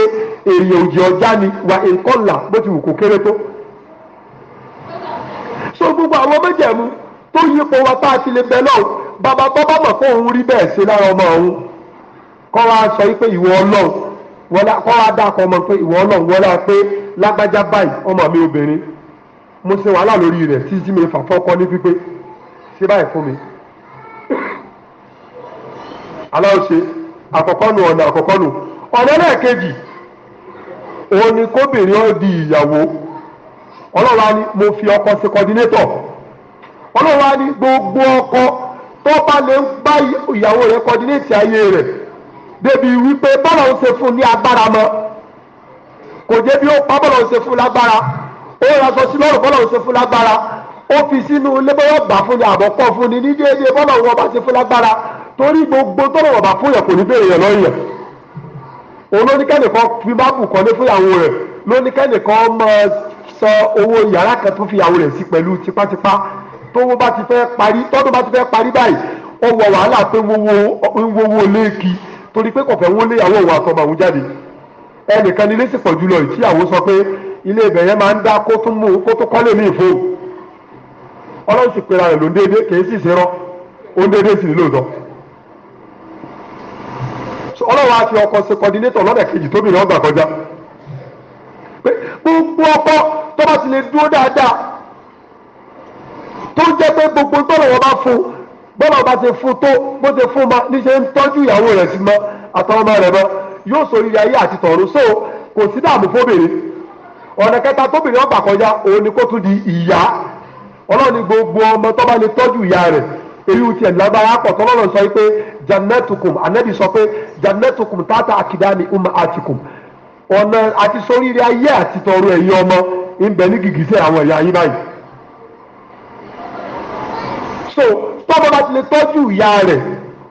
èrè òjì ọjà ni wà nǹkan là bó ti wù kó kéré tó. so gbogbo àwọn méjèèmú tó yípo wa tá a ti lè bẹ náà bàbá tó bá mọ̀ kó òun rí bẹ́ẹ̀ ṣe lára ọmọ òun kọ́ wa sọ wípé ìwọ ọlọ́run kọ́ wa dá akọ ọmọ pé ìwọ ọlọ́run wọlé pé lágbájá báyìí ọmọ mi obìnrin mo ṣe wàhálà lórí rẹ̀ tí jí mi fà fọ́kọ́ ní pípé ṣé báyìí fún mi ala àkọ́kọ́ nù ọ̀nà àkọ́kọ́ nù ọ̀nà kejì òun ni kóbìnrin ó di ìyàwó ọlọ́wà ni mo fi ọkọ sí kọ́dínétọ̀ ọlọ́wà ni gbogbo ọkọ tó bá lè ń bá ìyàwó rẹ̀ kọ́dínétì ayé rẹ̀ débi wípé bọ́lá ń ṣe fún ní agbára mọ́ kò jẹ́ bí ó pa bọ́lá ń ṣe fún lágbára ó sí lọ́rùn torí gbogbo tọrọ bàbá fún yàn kò ní béèrè yàn lọ́yàn olóníkẹ́nìkan fi báàbù kan lé fúyàwó rẹ̀ lóníkẹ́nìkan máa sọ owó yàrá kan tó fìyàwó rẹ̀ sí pẹ̀lú tipátipá tówó bá ti fẹ́ parí bá ti fẹ́ parí báyìí ó wọ wàhálà pé wọ́wọ́ léèkì torí pé kọ̀fẹ́ wọ́n léyàwó òun àtọmọ àwọn jáde ẹnìkan ní ilé sì jùlọ ìtìyàwó sọ pé ilé ibẹ̀ yẹn máa ń dá kó tún mú ọlọ́wọ́ á fi ọkọ ṣe kọ́dínétọ̀ lọ́dẹ̀ kejì tóbi ní ọgbà kọjá pé gbogbo ọkọ tó bá ti lè dúró dáadáa tó jẹ́ pé gbogbo tọ́lọ̀ wọn bá fún bọ́lá bá ti fún tó bó ti fún ma níṣẹ́ ń tọ́jú ìyàwó rẹ̀ sí ma àtàwọn ọmọ rẹ̀ ma yóò sọ ìyá ayé àti tọ̀run so kò sí dààmú fóbìnrin ọ̀nà kẹta tóbìnrin ọgbà kọjá òun ni kó tún di ìyá ọlọ́run gbogbo ọmọ tó bá lè tọ́jú ìyá rẹ̀ èyí ò tiẹ̀ lágbára pọ̀ tọ́lọ́rọ̀ sọ pé jannatukum anabi sọ pé jannatukum tata akidani uma atikum ọ̀nà àti sóríire ayé àti tọrọ ẹ̀yìn ọmọ a ní gìgísẹ̀ àwọn ẹ̀yà yín báyìí. so bá ti lè tọ́jú ìyá rẹ̀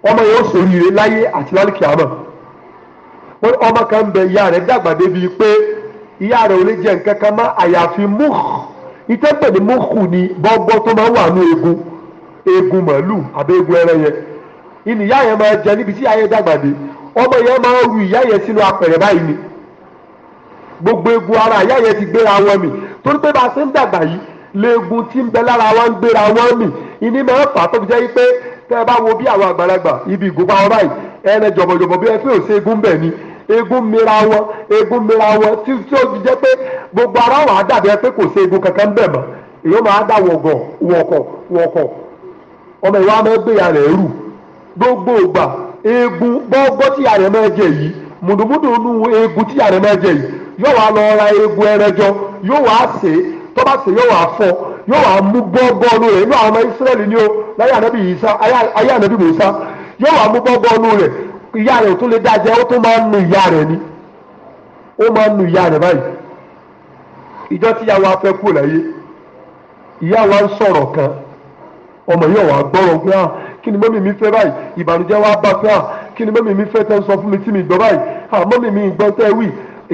ọmọ yóò láyé àti lálùkì àmọ́ ọmọ kan ń bẹ ìyá rẹ̀ dàgbà débi pé ìyá rẹ̀ ò lè jẹ nǹkan kan àyàfi múùkù múùkù ni bọ́gbọ́ tó máa ń wà ní egu màálù àbí eegun ẹlẹ́yẹ ìní ìyá yẹn máa jẹ níbi tí ìyá yẹn dàgbà dé ọmọ yẹn máa ru ìyá yẹn sínú apẹ̀rẹ̀ báyìí ni gbogbo eegun ara ìyá yẹn ti gbéra wọn mì torí pé bá a ṣe ń dàgbà yìí leegun tí ń bẹ lára wọn ń gbéra wọn mì ìní máa fà tó fi jẹ́ pé tẹ́ ẹ bá wo bí àwọn àgbàlagbà ibi ìgò pàwọn báyìí ẹnẹ jọ̀bọ̀jọ̀bọ̀ bí ò ṣe ni egun wọn egun wọn tí ó ó ọmọ ìwà ọmọ ń gbé ìyá rẹ̀ rù gbogbo ìgbà eegun gbọ́gbọ́ tí ìyá rẹ̀ máa jẹ yìí mùdùmùdù nu eegun tí ìyá rẹ̀ máa jẹ yìí yóò wá lọ ra eegun ẹrẹjọ yóò wá sè é tó fọ yóò wá mú gbọ́gbọ́ ọnu rẹ̀ inú àwọn ọmọ ni ó láyé ànábì yóò wá mú gbọ́gbọ́ rẹ̀ ìyá rẹ̀ tó lè dájẹ́ nu ìyá rẹ̀ ni ó máa ń nu ìyá rẹ̀ báyìí ìjọ wa kú ìyá wa ń sọ̀rọ̀ ọmọ yóò wá gbọ́rọ̀ pé à ah, kí ni mọ́mì mi fẹ́ báyìí ìbànújẹ́ wá bá pé à ah, kí ni mọ́mì mi fẹ́ tẹ́ ń sọ fún mi tí mi gbọ́ báyìí à ah, mọ́mì mi gbọ́ tẹ́ wì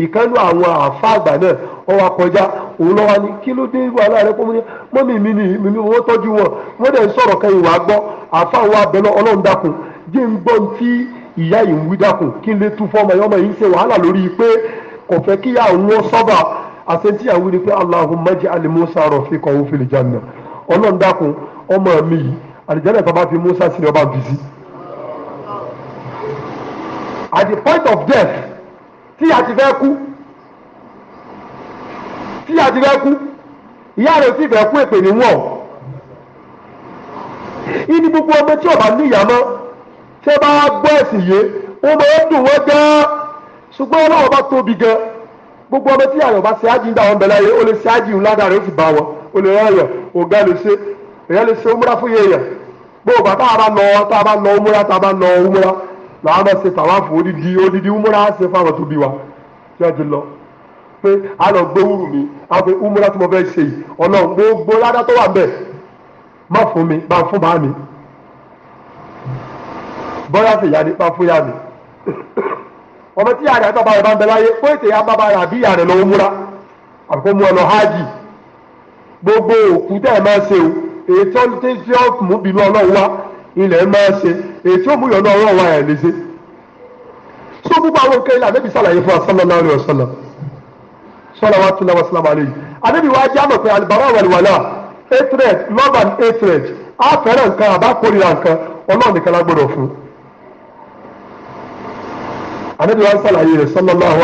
ìkánú àwọn àfa àgbà náà wọ́n wá òun lọ́wọ́ ni kí ló dé wàhálà rẹ fún mi mọ́mì mi ni mi wọ́n tọ́jú wọn wọ́n dẹ̀ ń sọ̀rọ̀ kẹ́yìn wá gbọ́ àfa àwọn abẹ́lẹ́ ọlọ́run dákun jẹ́ ń gbọ́ ti ìyá yìí ń wí dákun kí n lè tú fọ́ọ̀mù ọmọ yìí ń ṣe wàhálà lórí pé kò fẹ́ kí àwọn sọ́ba àṣetí àwọn ni pé Allahumma ij'al Musa rafiqahu fil janna ọlọ́run dákun ọmọ mi yìí àlìjẹ́lẹ̀ tó bá fi Musa sílẹ̀ ọba bì sí. at the point of death tí a ti fẹ́ kú tí a ti fẹ́ kú ìyá rẹ̀ sì fẹ́ kú èpè níwọ̀n ìní gbogbo ọmọ tí ọba níyà mọ́ ṣé bá gbọ́ ẹ̀sìn yé wọ́n máa ń dùn wọ́n gan-an ṣùgbọ́n ọlọ́wọ́ bá tóbi gan-an gbogbo ọmọ tí àyọ̀ bá ṣe ájì ń dà wọn bẹ̀rẹ̀ ayé ó lè ṣe ájì ńlá dára ó sì bá wọn ó lè ráyọ̀ ọ̀gá lè ṣe ya lè se umra fún yéèyàn gbogbo bàtà àbá lọ tá a bá lọ umra a bá na umra làá lọ ṣe tàwáfù odidi odidi umra se fa pe a lọ mi a umra mo gbogbo ládá tó wà bẹ́ẹ̀ má fún mi mi ya ni ya mi ọmọ tí yàrá ń bẹ láyé kó ètè ọ lọ gbogbo òkú tẹ́ ẹ máa o ètò tí ó mú bínú ọlọ́run wá ilẹ̀ máa ṣe ètò ó mú yọ̀nà ọlọ́run wá ẹ̀ lè ṣe. sọ gbogbo àwọn nǹkan ilé àdébí sàlàyé fún sallallahu alaihi wasallam salawatullahi wa salamu alayhi àdébí wa jẹ́ àmọ̀ pé alibara wal wala hatred love and hatred á fẹ́ràn nǹkan àbá kórìíra nǹkan ọlọ́run nìkan lágbọ́dọ̀ fún. àdébí wa sàlàyé rẹ̀ sallallahu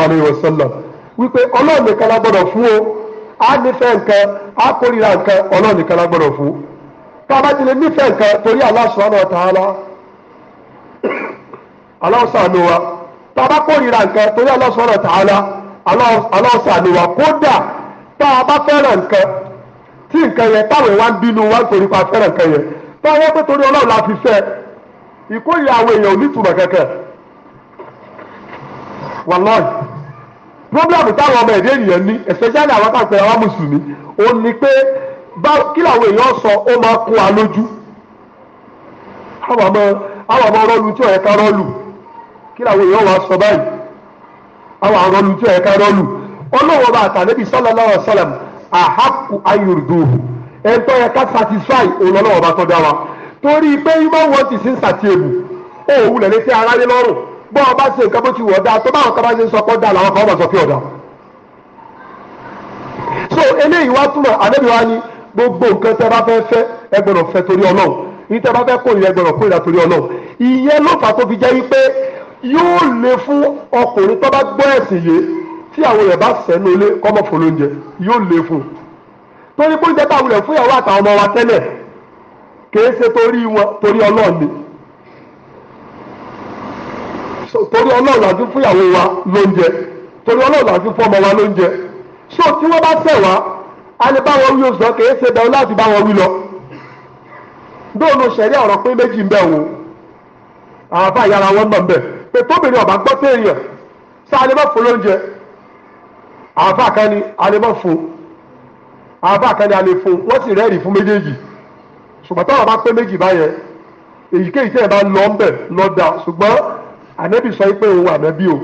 wípé ọlọ́run nìkan lágbọ́dọ̀ fún bàbá ti lè nífẹ̀ẹ́ nǹkan torí Allah subhanahu wa ta'ala Allah ṣàánú wa bàbá kórìíra nǹkan torí wa ta'ala Allah wa kódà tá fẹ́ràn nǹkan tí nǹkan yẹn táwọn wá ń bínú wá ń torí pa fẹ́ràn nǹkan yẹn báwọn pé torí ọlọ́run la fi bá kí làwọn èèyàn sọ ó máa kún wa lójú àwọn àmọ́ rọ́ọ̀lù tí ọ̀yẹ́ ká rọlù kí làwọn èèyàn wà sọ báyìí àwọn àrọ́ọ̀lù tí ọ̀yẹ́ ká rọ́ọ̀lù ọlọ́wọ́ bá àtàlẹ́bí sallallahu alaihi àhàkù ayòrùdòhù ẹ̀ńtọ́ yẹ ká satisfy olọ́lọ́wọ́ bá wa torí pé human want is lẹ́lẹ́ sí aráyé lọ́rùn bọ́ ọ bá ṣe nǹkan bó ti wọ̀ dáa tó báwọn kan bá ṣe ń sọ dáa làwọn kan bá sọ pé ọ̀dà so eléyìí wá túmọ̀ àdébíwá ni gbogbo nǹkan tẹ́ bá fẹ́ fẹ́ ẹ gbọ́dọ̀ fẹ́ torí ọlọ́run yìí tẹ́ bá fẹ́ kórìíra ẹ gbọ́dọ̀ kórìíra torí ọlọ́run ìyẹn ló fà tó fi jẹ́ wípé yóò le fún ọkùnrin tó bá gbọ́ ẹ̀sìn yìí tí àwọn rẹ̀ bá sẹ́nu ilé kọ́mọ̀ fún lóúnjẹ yóò le fún torí pé oúnjẹ táwọn rẹ̀ fún ìyàwó àtàwọn ọmọ wa tẹ́lẹ̀ kìí ṣe torí wọn torí ọlọ́run ni torí ọlọ́run la fi fún ìyàwó wa lóúnjẹ torí ọlọ́run la fi fún ọmọ wa lóúnjẹ so tí wọ́n bá ṣẹ̀ wá a lè bá wọn wí oṣù kìí ṣe bẹ́ẹ̀ láti bá wọn wí lọ dóònù sẹ̀rí ọ̀rọ̀ pé méjì ń bẹ̀ wò àwọn afá ìyára wọn mọ̀ ń bẹ̀ pé tóbìnrin ọ̀bá gbọ́ sí èèyàn sá a lè má fún lóúnjẹ àwọn afá kan ni a lè má fún àwọn afá kan ni a lè fún wọ́n sì rẹ́rìí fún méjèèjì ṣùgbọ́n táwọn bá pé méjì báyẹn èyíkéyìí tẹ̀ bá lọ ń bẹ̀ lọ́dà ṣùgbọ́n ànẹ́bì sọ pé òun ànẹ́bì o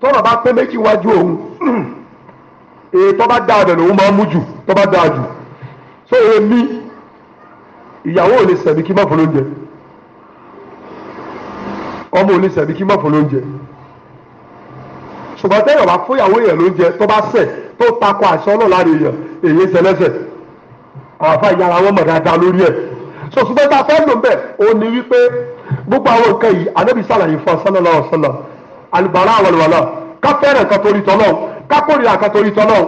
tọ́rọ̀ bá pé méjì wájú òun èyí tó bá dá ọbẹ̀ lòun máa ń mú jù tó bá dá jù so èmi ìyàwó ò lè sẹ̀mí kí má fún lóúnjẹ ọmọ ò lè sẹ̀mí kí má fún lóúnjẹ ṣùgbọ́n tẹ́yọ̀ bá fún ìyàwó yẹn lóúnjẹ tó bá ṣẹ̀ tó takọ àṣọ náà lára èèyàn èyí ṣẹlẹ́sẹ̀ àwọn àfa ìyára wọn mọ̀ dáadáa lórí ẹ̀ so ṣùgbọ́n tá a fẹ́ lò bẹ́ẹ̀ ó ní wípé gbogbo àwọn nǹkan yìí anábì sàlàyé fún ọ sọlọ́lá ọ̀sọ́lá alùbárà àwọlùwàlà ká fẹ́ràn kan torí tọ́lọ́ọ̀ kápòrì àkàn torí tọ́lọ́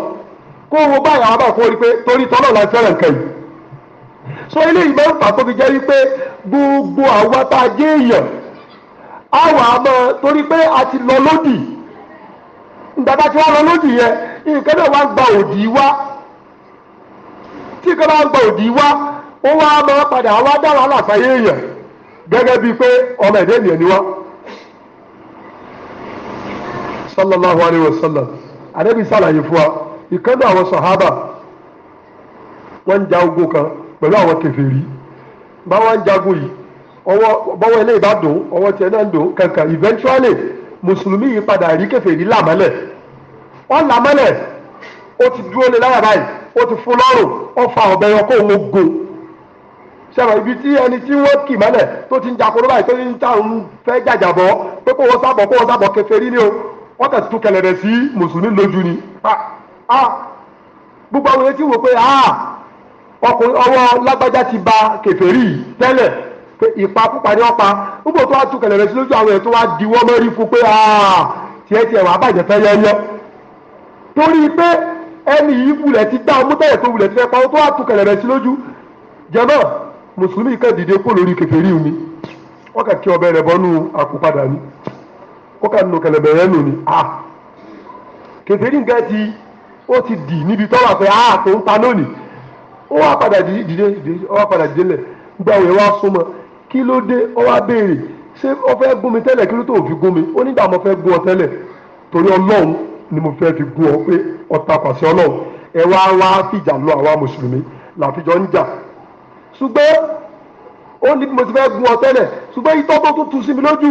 kó wo báyìí àwọn báyìí kó rí pé torí tọ́lọ́ la fẹ́ràn nǹkan yìí so eléyìí máa ń fà tó jẹ́ wípé gbogbo àwa tá a jẹ́ èèyàn àwa àmọ́ torí pé a ti lọ lódì ìdàgbà tí wọ́n lọ lódì yẹn nǹkan náà wá ń gba òdì wá tí nǹkan bá ń gba òdì wá ó wá máa padà wá dá wàhálà sáyé èèyàn gẹ́gẹ́ bíi pé ọmọ ẹ̀dẹ́ ènìyàn ni wọ́n sallallahu alayhi wa sallam. ànábì sàlàyé fún wa ìkànnì àwọn sàhábà wọ́n ń ja ogun kan pẹ̀lú àwọn kèfèrí báwọn ń jagun yìí ọwọ́ bọ́wọ́ ilé ìbá dùn ọwọ́ náà ń dùn kankan eventually mùsùlùmí yìí padà rí kèfèrí làmọ́lẹ̀ ti dúró lé láyà báyìí ó ti fún lọ́rùn ó fa ọ̀bẹ ẹran kó òun go sẹ́wọ̀n ibi tí ẹni tí wọ́n kì mọ́lẹ̀ tó ti ń jakoró báyìí tó ti ń ta òun fẹ́ jàjàbọ́ pé kó wọ́n sábọ̀ wọ́n sábọ̀ ni o wọ́n kàn tún kẹlẹ̀rẹ̀ sí mùsùlùmí lójú ni ah, ah. gbogbo àwọn etí wò pé ah, ọkùnrin ọwọ́ lágbájá ti ba kèfèrí tẹ́lẹ̀ pé ìpa púpa ni wọ́n pa gbogbo tó wá tún kẹlẹ̀rẹ̀ sí lójú àwọn ẹ̀ tó wá diwọ́ mẹ́rin fún pé tiẹ̀ tiẹ̀ wà bàjẹ́ fẹ́ yẹ́yẹ́ torí pé ẹni yìí wulẹ̀ ti gbá ọmú bẹ́ẹ̀ tó wulẹ̀ ti fẹ́ pa ó tó wá tún kẹlẹ̀rẹ̀ sí lójú jẹ́mọ́ mùsùlùmí kẹ́ kó lórí kèfèrí mi wọ́n kà ọbẹ̀ rẹ̀ bọ́nú àpò ni ó kà ń lo kẹlẹbẹ yẹn lò ní a ah! kẹfẹ́rí nǹkan ti ó ti dì níbi tọ́wọ́ àfẹ́ a tó ń ah, ta lónìí ó wá padà dìde ó wá padà dìde lẹ̀ gba òye wá súnmọ́ kí ló dé ó wá béèrè ṣé ó fẹ́ gún mi tẹ́lẹ̀ kí ló tó fi gún mi ó nígbà mo fẹ́ gún ọ tẹ́lẹ̀ torí ọlọ́run ni mo fẹ́ fi gún ọ pé ọ̀tá pàṣẹ ọlọ́run ẹ wá wá fìjà lọ àwa mùsùlùmí làfijọ́ ń jà ṣùgbọ́n ó ní mo ti fẹ́ gún ọ tẹ́lẹ̀ ṣùgbọ́n ìtọ́ tó tún tu sí mi lójú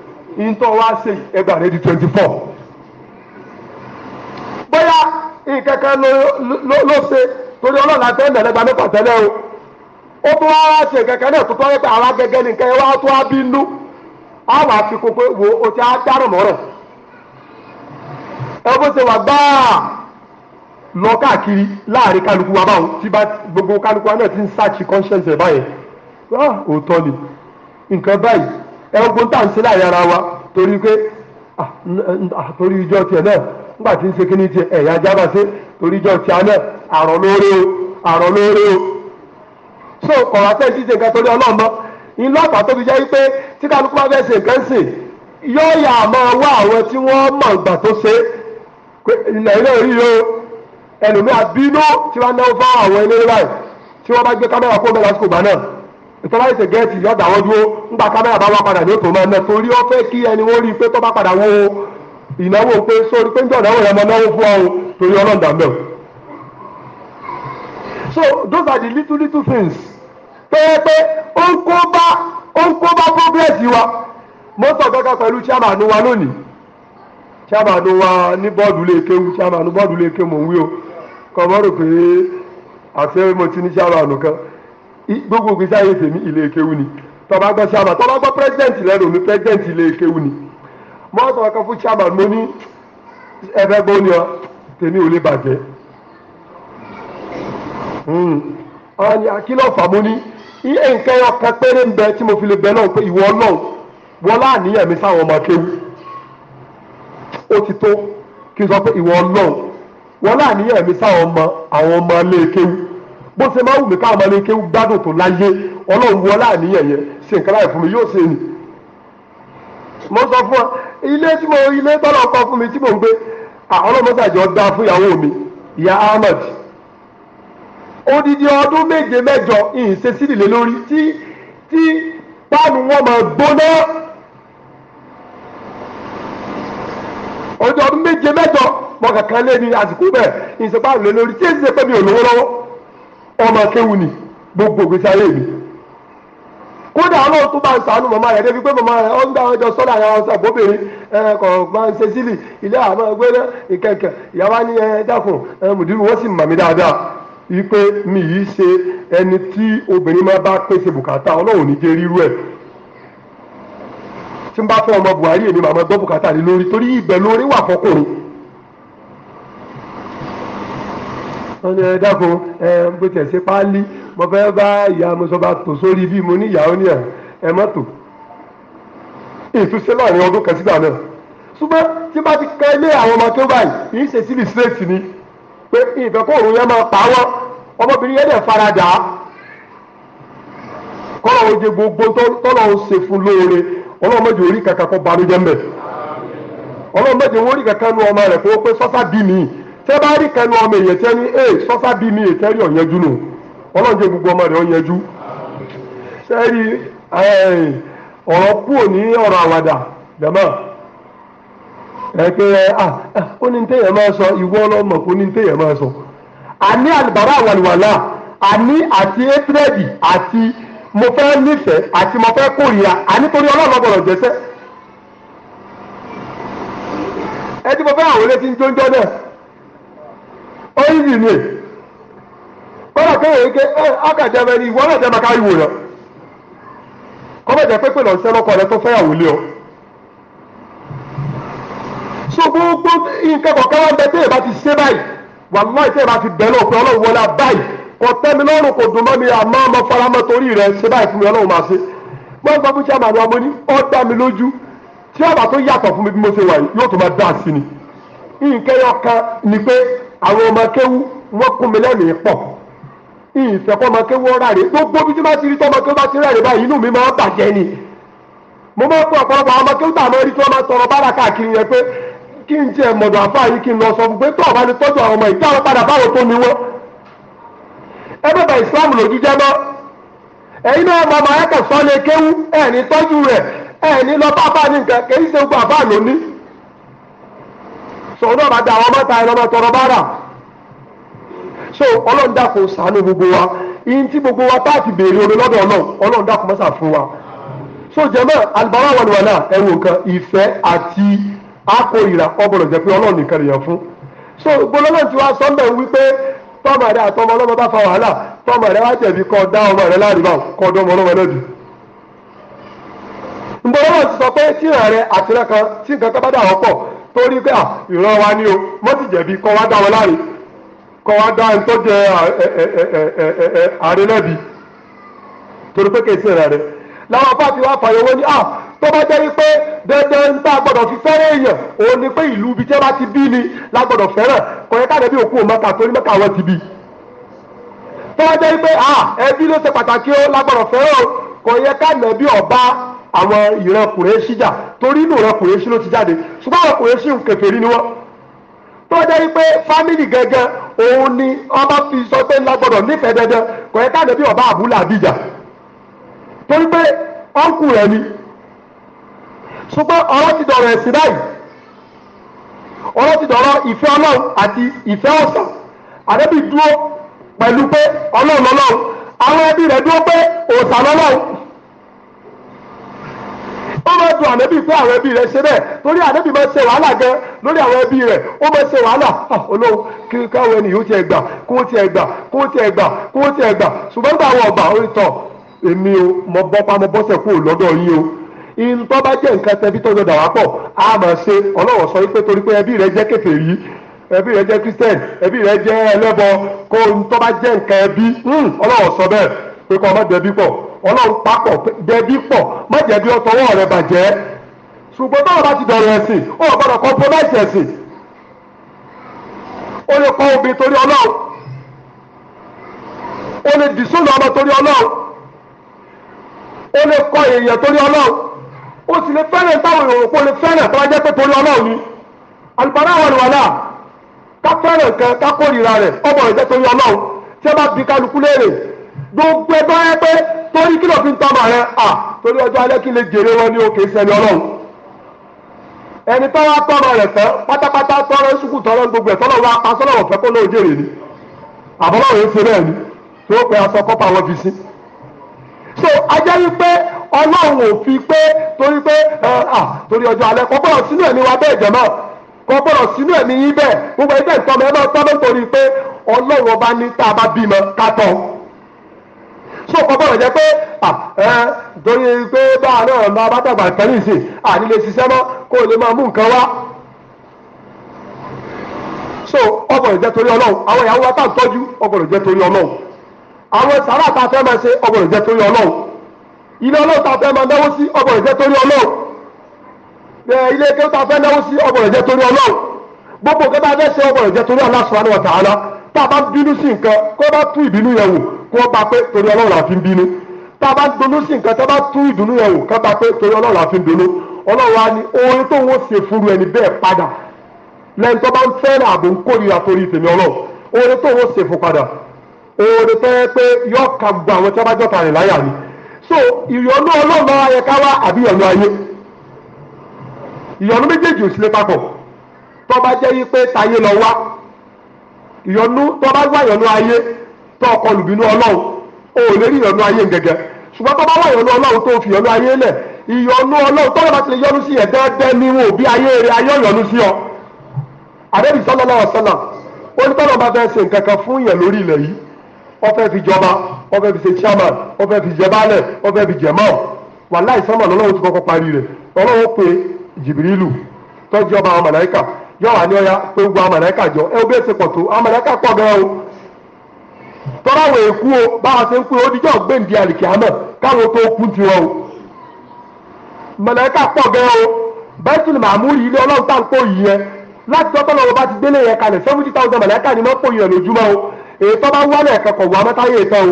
ìtọ́ wa ṣe ẹgbàá rẹ di twenty four bóyá ìkẹ́kẹ́ ló ṣe torí ọlọ́run àti ẹ̀ńdẹ̀lẹ́gba mẹ́fà tẹ́lẹ̀ o ó tún wá ṣe kẹ̀kẹ́ náà tó tọ́jú pé àwa gẹ́gẹ́ ní kẹ́ wá tó wá bí nú á wà á fi kó pé wo o ti á dárò mọ́rọ̀ ẹ bó ṣe wà gbáà lọ káàkiri láàrin kálukú wa báwọn tí bá gbogbo kálukú wa náà ti ń ṣáàtì conscience ẹ̀ báyẹn ah òótọ́ ni nǹkan báyìí ẹ ogun tá à ń ṣe láàrin ara wa torí pé torí ìjọ tiẹ̀ náà nígbà tí ń ṣe kíní tiẹ̀ ẹ̀yà jábà ṣe torí ìjọ tiẹ̀ náà àrọ̀ lóore o àrọ̀ lóore o so kọ̀wá tẹ̀ ṣíṣe nǹkan torí ọlọ́run mọ́ ilé ọ̀pá tó fi jẹ́ wípé tí kálukú bá fẹ́ ṣe nǹkan ṣe yóò yà á máa wá àwọn tí wọ́n mọ̀ ìgbà tó ṣe ilẹ̀ ilé orí o ẹlòmíà bínú tí wọ́n náwó fáwọn àwọn eléré báyìí tí wọ́n bá gbé kámẹ́rà kó bẹ́ẹ̀ lásìkò gbà náà ìtọ́lá ìṣe gẹ́ẹ̀tì yọ dà wọ́n dúró ńgbà kámẹ́rà bá wá padà ní òtò máa ná torí ó fẹ́ kí ẹni wọ́n rí i pé tó bá padà wo ìnáwó pé sórí pé ń jẹ́ ìnáwó yẹn mọ náwó fún ọ torí so those are the little little things pẹ́ẹ́pẹ́ ó ń kó bá ó wa mo sọ kankan pẹ̀lú chairman wa lónìí chairman wa ní bọ́ọ̀dù lè wu chairman bọ́ọ̀dù lè kéwu mò ń wí o kọ́ pé gbogbo gbèsè ayé tèmi ilé kéwú ni tọba gbọ́ chairman tọba gbọ́ president mi president ilé ni mo sọ fún mo ní ẹfẹ ni ọ tèmi ò lè bàjẹ́ ọ̀hún hmm. fà mo ní iye nǹkan ẹyọ kan péré ń bẹ náà pé ìwọ náà bó ṣe máa wù mí káwọn ọmọlé kéwú gbádùn tó láyé ọlọ́run wọlé àníyàn yẹn ṣe nǹkan láì fún mi yóò ṣe ni. mo sọ fún ọ ilé tí mo ilé tọ́lọ̀ kọ́ fún mi tí mo ń gbé ọlọ́mọsàjọ dá fún ìyàwó mi ìyá Ahmed odidi ọdún méje mẹ́jọ ìṣesílẹ̀ lórí tí tí páànù wọn máa gbóná odidi ọdún méje mẹ́jọ mọ kankan lé ní àsìkò bẹ́ẹ̀ ìṣèpáàlú lórí tí èsì ṣe pé mi ò lówó lọ́wọ́. ọmọ kéwù ni gbogbo ìgbésí ayé mi kódà ọlọ́run tó bá ń sànú màmá rẹ̀ débi pé màmá rẹ̀ ó ń gbà ọjọ́ sọ́dà ara ọ̀sẹ̀ bóbìnrin kò máa ń ṣe sílì ilé àmọ́ ẹgbẹ́ náà ìyàwó ni ẹ dákun mùdírù sì mà mí dáadáa wípé mi yìí ṣe ẹni tí obìnrin máa bá pèsè bùkátà ọlọ́run ní n bá ọmọ Buhari èmi màmá gbọ́ bùkátà lórí torí wọ́n ní ẹ dákun ẹ bó tiẹ̀ ṣe páálí mo fẹ́ bá ìyá mọ́sọ́ba tò sórí bí mo ní ìyàwó ní ẹ ẹ mọ́tò. ìtúnṣe láàrin ọdún kan sígbà náà ṣùgbọ́n tí bá ti kẹ́ ilé àwọn ọmọ tó báyìí kì í ṣe sílì sílẹ̀tì ni pé ìfẹ́ kó òun yẹn máa pa wọ́n ọmọbìnrin yẹn dẹ̀ faradà kọ́lọ̀ oje gbogbo tọ́lọ̀ ń ṣe fún lóore ọlọ́run mẹ́jọ orí kankan kọ́ banújẹ́ mbẹ̀ ọlọ́run mẹ́jọ orí kankan nu ọmọ rẹ̀ kó pé sọ́sá dì nìyí tẹ́ rí kẹnu ọmọ èèyàn tẹ́ ẹ sọ́sá mi ọ̀yẹ́jú nù gbogbo ọmọ rẹ̀ ọ̀yẹ́jú sẹ́rí ọ̀rọ̀ ní ọ̀rọ̀ àwàdà dẹ̀mọ́ ẹ pé ẹ ó ní téèyàn máa sọ ìwọ ọlọ́mọ kó ní téèyàn máa sọ àní àlùbárà àní àti àti mo fẹ́ nífẹ̀ẹ́ àti mo fẹ́ kórìíra àní torí ẹ ti mo oyin sì ni kọ́dà kéèyàn ike akàjẹ́mẹ́ ni ìwọ náà jẹ́ maka ìwò lọ kọ́bẹ̀ jẹ́ pépè lọ sẹ́lọ́kọ̀ rẹ tó fẹ́ yàwó tụ ọ. so gbogbo nǹkan kọ̀ọ̀kan wọn bẹ téèyàn bá ti ṣe báyìí wàláì téèyàn bá ti tẹ́mi lọ́rùn kò dùn àmọ́ ọmọ torí rẹ báyìí fún mi máa wọ́n gbọ́ fún tó yàtọ̀ fún mi bí mo ṣe wà yìí yóò dá sí ni kan ni àwọn ọmọ kéwú wọ́n kún mi lẹ́mìí pọ̀ ìfẹ́kọ́ ọmọ kéwú ọ̀rá rẹ̀ gbogbo bí tí bá ti rí tọ́ ọmọ kéwú bá ti rí rẹ̀ báyìí inú mi máa ń bàjẹ́ ni mo máa ń pọ̀ ọ̀pọ̀lọpọ̀ àwọn ọmọ kéwú tà máa rí tí wọ́n máa tọrọ bára káàkiri yẹn pé kí n jẹ́ mọ̀dọ̀ àfáà yìí kí n lọ sọ fún pé tó ọ̀bá ni tọ́jú àwọn ọmọ ìdí àwọn padà báwo tó ni wọ́n ẹ bẹ̀bẹ̀ ìsìláàmù lòdì jẹ́ mọ́ ẹ̀yin náà mọ̀ ọmọ ẹ̀kọ́ sọ́ni kéwú ẹ̀ ní tọ́jú rẹ̀ so ma àbájá àwọn mẹ́ta ẹ̀ lọ́mọ tọrọ bára so ọlọ́run dàpọ̀ gbogbo wa ihun tí gbogbo wa tá ti béèrè orin lọ́dọ̀ ọlọ́run ọlọ́run dàpọ̀ mọ́sà fún wa so jẹ́mọ́ alùbárà wà ní wàhálà ẹ wò kan ìfẹ́ àti ọgbọ̀nà jẹ́ so sọ́ńdọ̀ wípé rẹ àtọmọ ọlọ́mọ bá fa wàhálà rẹ wá torí pé ìran wa ni o mọ́tì jẹ̀bi kọ́ wá dá wọn kọ́ dá ẹni tó jẹ ààrẹ lẹ́bi torí pé kèsì rẹ̀ rẹ làwọn fáti wá a gbọ́dọ̀ fi fẹ́rẹ̀ èèyàn òun ni pé ìlú ibi tí wọ́n bá ti bí ni la gbọ́dọ̀ fẹ́ràn káàdé bí òkú torí ti bí tó bá jẹ́ wípé ẹbí ló ṣe ọba àwọn ìran kùrẹ́ṣí jà torí inú ìran kùrẹ́ṣí ló ti jáde ṣùgbọ́n àwọn kùrẹ́ṣí ń kèfèrí ni wọ́n tó jẹ́ wípé fámìlì gẹ́gẹ́ òun ni ọba fi sọ pé ńlá gbọ́dọ̀ nífẹ̀ẹ́ dandan kò yẹ káàdé bí ọba àbúlà àbíjà torí pé ọ̀nkù rẹ̀ ni ṣùgbọ́n ọ̀rọ̀ ti dọ̀rọ̀ ẹ̀sìn báyìí ọ̀rọ̀ ti dọ̀rọ̀ ìfẹ́ ọlọ́run àti ìfẹ́ ọ̀sán àdébí dúró pẹ̀lú pé ọlọ́run lọ́lọ́run àwọn ẹbí rẹ̀ dúró pé òòṣà lọ́lọ́run ó máa dùn ànábì pé àwọn ẹbí rẹ̀ ṣe bẹ́ẹ̀ torí ànábì máa ṣe wàhálà gan lórí àwọn ẹbí rẹ̀ ó máa ṣe wàhálà olóhùn ah, kí káwọn ẹni yóò tiẹ̀ gbà kó tiẹ̀ gbà kó tiẹ̀ gbà kó tiẹ̀ gbà ṣùgbọ́n gbà àwọn ọ̀gbà orí tọ̀ èmi o mo bọ́ pa mo bọ́sẹ̀ kúrò lọ́dọ̀ yín o ìtọ́ bá jẹ́ nǹkan tẹ́bí tó lọ́dọ̀ wá pọ̀ á máa ṣe ọlọ́wọ̀ sọ wípé torí pé ẹbí rẹ̀ jẹ́ kèfèrí ẹbí rẹ jẹ christian ẹbí rẹ jẹ ẹlẹ́bọ kó ntọ́ bá jẹ́ nǹkan ẹbí hmm, ọlọ́wọ́ sọ bẹ́ẹ̀ pé kọ́ ọmọdé ẹbí pọ̀ ọlọ́run papọ̀ dẹbí pọ̀ má jẹ̀bi ọtọwọ́ rẹ bàjẹ́ ṣùgbọ́n báwo bá ti dọ̀rọ̀ ẹ̀sìn ó gbọ́dọ̀ compromise ẹ̀sìn ó lè kọ́ obìnrin torí ọlọ́run ó lè dìsúnà ọmọ torí ọlọ́run ó lè kọ́ èèyàn torí ọlọ́run ó sì lè fẹ́rẹ̀ táwọn èèyàn kò lè fẹ́rẹ̀ tó bá jẹ́ pé torí ọlọ́run ni alùpàdé àwọn ìwàlá ká fẹ́rẹ̀ nǹkan ká kórìíra rẹ̀ ọmọ rẹ̀ jẹ́ torí ọlọ́run tí ẹ bá bí kálukú léèrè gbogbo ẹ torí kí ló fi ń tọ́mà rẹ à torí ọjọ́ alẹ́ kí lè jèrè wọn ní òkè sẹ́ni ọlọ́run ẹni tó wá tọ́mà rẹ̀ tán pátápátá tọ́rọ sùkú tọ́rọ gbogbo ẹ̀ tọ́lọ́ wa pasọ́lọ́wọ̀ fẹ́ kó lóò jèrè ni àbọ̀lọ́wọ̀ yóò ṣe bẹ́ẹ̀ ni tó pẹ́ aṣọ kọ́pà wọn fi sí. so ajá yí pé ọlọ́run ò fi pé torí pé à torí ọjọ́ alẹ́ kọ́ bọ̀rọ̀ sínú ẹ̀mí wa bẹ́ẹ̀ jẹ̀mọ́ kọ́ bọ̀rọ̀ sínú ẹ̀mí yín bẹ́ẹ̀ gbogbo ẹgbẹ́ ìtọ́mọ ẹ máa tọ́ nítorí pé ọlọ́run ọba ní tá a bá bímọ ká tọ́ tí ò kọ́kọ́ rẹ̀ jẹ́ pé torí pé báà náà lọ abátàgbà tẹ́lẹ̀ sí ànílé ṣiṣẹ́ mọ́ kó o lè máa mú nǹkan wá. so ọgbọ̀n ìjẹ́ torí ọlọ́run àwọn ìyàwó wa tá à ń tọ́jú ọgbọ̀n ìjẹ́ torí ọlọ́run àwọn sàrà tá a fẹ́ máa ṣe ọgbọ̀n ìjẹ́ torí ọlọ́run ilé ọlọ́run tá a fẹ́ máa náwó sí ọgbọ̀n ìjẹ́ torí ọlọ́run ilé kí ó tá a fẹ́ náwó sí ọgbọ̀n ìjẹ́ torí ọlọ́run gbogbo nǹkan tá a fẹ́ ṣe ọgbọ̀n ìjẹ́ torí Allah subhanahu wa ta'ala tá a bá bínú sí nǹkan kó bá tún ìbínú yẹn wò kó bá pé torí ọlọ́run àfi ń bínú tá a bá dunnú sí nǹkan tá a bá tún ìdùnnú yẹn wò ká bá pé torí ọlọ́run àfi ń dunnú ọlọ́run á ní orin tó ń wọ́n ṣe fúru ẹni bẹ́ẹ̀ padà lẹ́yìn tó bá ń fẹ́ràn àbò ń kórìíra torí tèmi ọlọ́run orin tó ń wọ́n ṣe fún padà orin tó yẹ pé yọ ka gbogbo àwọn tí wọ́n bá jọ́ta rìn láyà ni so ìyọnu ọlọ́run máa yẹ ká wá àbí ìyọnu ayé ìyọnu méjèèjì ò sí ìyọnu tó bá wá ìyọnu ayé tó ọkọ lùbínú ọlọ́run o ò lè rí ìyọnu ayé gẹ́gẹ́ ṣùgbọ́n tó bá wá ìyọnu ọlọ́run tó fi ìyọnu ayé lẹ̀ ìyọnu ọlọ́run tó lọ́ba ti lè yọnu sí ẹ̀ dẹ́ẹ́dẹ́ ni wọn ò bí ayé rẹ̀ ayé ìyọnu sí ọ. àdébì sallallahu alaihi wasallam ó ní tọ́lọ́ bá fẹ́ ṣe nǹkan kan fún yẹn lórí ilẹ̀ yìí ó fẹ́ fi jọba ó fẹ́ fi ṣe chairman ó fẹ́ fi jẹ baálẹ̀ ó fẹ́ fi jẹ mọ́ wàláì sọ́mọ̀ lọ́lọ́run ti kọ́kọ́ parí rẹ̀ ọlọ́run pé jìbìrìlù tọ́jú ọba àwọn màláìkà yóò wà ní ọ̀yà pé gbogbo àwọn mọ̀lẹ́kà jọ ẹ bí èsì pọ̀ tó àwọn mọ̀lẹ́kà pọ̀ gan o tọ́lá wò èkú o báwa ṣe ń pè ó díjọ́ gbèǹdé àlìkìámẹ̀ káwọn tó kú ti wọn o mọ̀lẹ́kà pọ̀ gan o bẹ́tùlù màmúrì ilé ọlọ́run tá à pò yìí yẹn láti tọ́pọ̀ lọ́wọ́ bá ti gbélé yẹn kalẹ̀ seventy thousand mọ̀lẹ́kà ni mọ́pò yẹn lójúmọ́ o èyí tó bá wálẹ̀ kẹ̀kọ̀ wà mẹ́táyé tán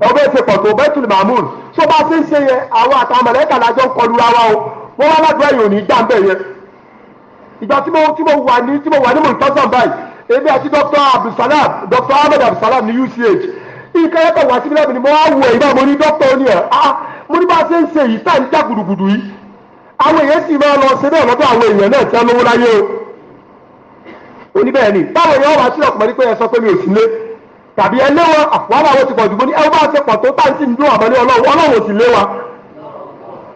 o ọbẹ̀ ti pọ̀ tó bẹ́tùlù màmúrì tó bá ti ń ṣe yẹn àwọn àtàwọn mọ̀lẹ́kà lájọ ń kọlu ra o wọ́n wá ládùúgbò yìí ò ní í já ń bẹ̀ yẹn ìgbà tí mo tí mo wà ní tí mo wà ní mọ̀tọ́sán báyìí èmi àti dr abdulsalam dr ahmed abdulsalam ní uch ìka ẹ̀kọ́ wá síbi lẹ́bi ni mo wá wọ ìgbà mo ní dr oní ẹ̀ ah mo ní bá a ṣe ń ṣe yìí tá à ń já gudugudu yìí àwọn èèyàn sì máa lọ ṣe bẹ́ẹ̀ lọ́dọ̀ àwọn èèyàn náà tí wọ́n lówó láyé o oníbẹ̀ẹ́ ni báwo ni wọ́n wá sílẹ̀ ọ̀pọ̀ ní pé sọ pé mi ò sí lé tàbí ẹ léwọ àfọwọ́n àwọn ti pọ̀ jù mo ní ẹ bá ṣe pọ̀ tó táǹtì ń dún àmọ́ ní ọlọ́run ọlọ́run ò sì lé wa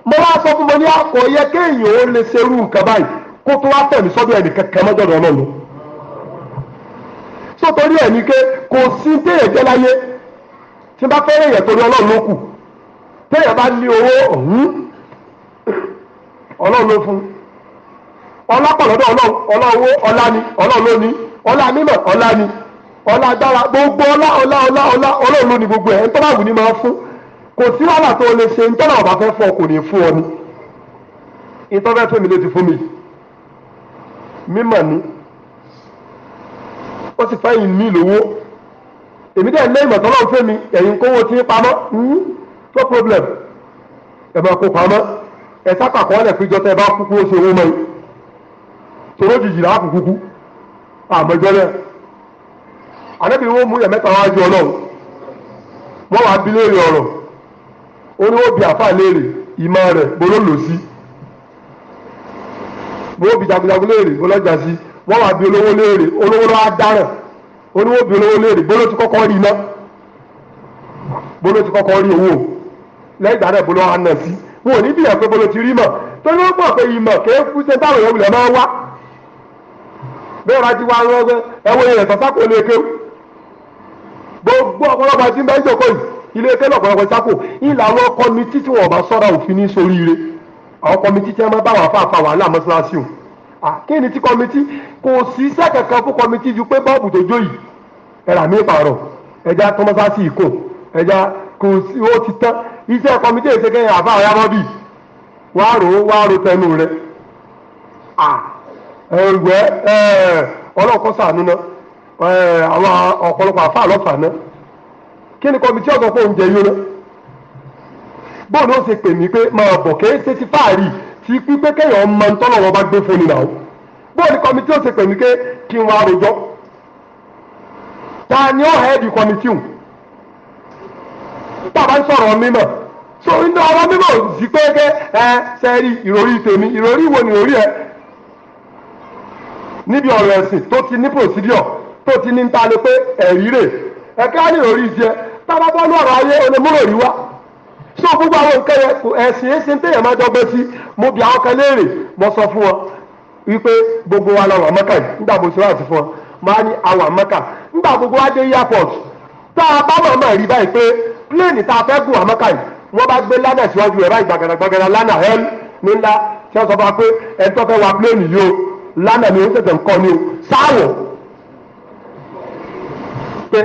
mo wá sọ fún mo ní àkọ́ kéèyàn ó lè ṣerú nǹkan báyìí kó tó wá tọ̀ sọ́dọ̀ ẹnì kankan mọ́jọ́dọ̀ ọlọ́run tó ẹ̀ ní pé kò sí téèyàn jẹ́ láyé tí bá fẹ́rẹ̀ èèyàn torí ọlọ́run ló kù téèyàn bá ní owó ọ̀hún ọlọ́run ló fún ọlọ́pọ̀lọ́dọ̀ ni ọlọ́run ló ní ni ọlá gbogbo ọlá ọlá ọlá ọlá ọlọ́run ló ní gbogbo ẹ̀ máa fún kò sí wàhálà tó lè ṣe mímọ̀ ni ó sì fẹ́yìn mí lówó èmi dẹ̀ lé ìmọ̀ tọ́lọ́ fẹ́ mi ẹ̀yìn kówó tí ń pamọ́ hmm, no problem ẹ̀ máa kó pamọ́ ẹ̀ sápà kọ́ ọ̀lẹ̀ péjọ tẹ́ ẹ bá kúkú ó ṣe owó mọ́ yìí tòró jìjì làá kú kúkú àmọ́jọ́ bẹ́ẹ̀ ànábì wo mú yẹ mẹ́ta wá ju ọlọ́run wọ́n wá bí léèrè ọ̀rọ̀ ó ní wọ́n bí àfáà léèrè ìmọ̀ rẹ̀ bolólòsí. wọ́n bi jagunjagun léèrè bọ́lọ́jà sí wọ́n wà bí olówó léèrè olówó lọ́wọ́ dáràn olówó bí olówó léèrè bọ́lọ́ ti kọ́kọ́ rí iná bọ́lọ́ ti kọ́kọ́ rí owó ìgbà náà wa nà sí wọn ò ní bìyàn pé bọ́lọ́ ti rí mọ̀ torí wọ́n mọ̀ pé ìmọ̀ kéé fún ṣe táwọn èèyàn wulẹ̀ máa wá bẹ́ẹ̀ wá gbogbo ń ilé ìlà àwọn òfin ní àwọn kọmitì tí wọ́n máa bá wà fà fà wàhálà mọ́ṣáláṣí o kí ni ti kọmitì kò sí iṣẹ́ kankan fún kọmitì ju pé bọ́ọ̀bù tó jó yìí ẹ̀rà mi pààrọ̀ ẹja tọmọsáàsì ìkó ẹja kò sí ó ti tán iṣẹ́ kọmitì èsè kẹyìn àfa ọ̀yàmọ́ bì wàá rò ó wàá rò tẹnu rẹ ẹ̀wẹ̀ ọlọ́kọ́ sànú náà àwọn ọ̀pọ̀lọpọ̀ àfa àlọ́fà náà kí ni kọmitì ọ̀gọ́ pé òun jẹ yóò náà bóun ó ṣe pè mí pé máa bọ̀ kẹ́ ṣe sí fáàrí tí pípé kéèyàn máa ń tọ́lọ̀ wọn bá gbé fún ni náà bóun ni kọ́mítì ó ṣe pè mí pé kí n wá rojọ́ ta ni ó hẹ́ẹ̀dì kọ́mítì hùn bàbá ń sọ̀rọ̀ mímọ̀ so inú ọ̀rọ̀ mímọ̀ sí pé kẹ́ ẹ sẹ́rí ìròrí tèmi ìròrí wo ni ìròrí ẹ níbi ọ̀rọ̀ ẹ̀sìn tó ti ní procedure tó ti ní ń ta ni pé ẹ̀rí rè ẹ̀ka ní ìròrí jẹ tábàbọ́ọ̀lù ọ̀rọ̀ ayé onímúròrí wa so gbogbo àwọn nǹkan yẹn ẹ̀sìn ẹ̀sìn ń tẹ̀yàn máa dọ́gbẹ́ sí mo bi àwọn kan léèrè mo sọ fún wọn wípé gbogbo wa la wà yìí nígbà mo fún máa ní àwọn nígbà gbogbo wa dé airport tá a bá mọ̀ mọ̀ rí báyìí pé pléènì tá a fẹ́ gùn àmọ́kà yìí wọ́n bá gbé lánà síwájú ní ńlá tí wọ́n sọ fún pé tó fẹ́ wa yìí o lánà ni ó tẹ̀tẹ̀ ń kọ́ ni o sáwọ̀ pé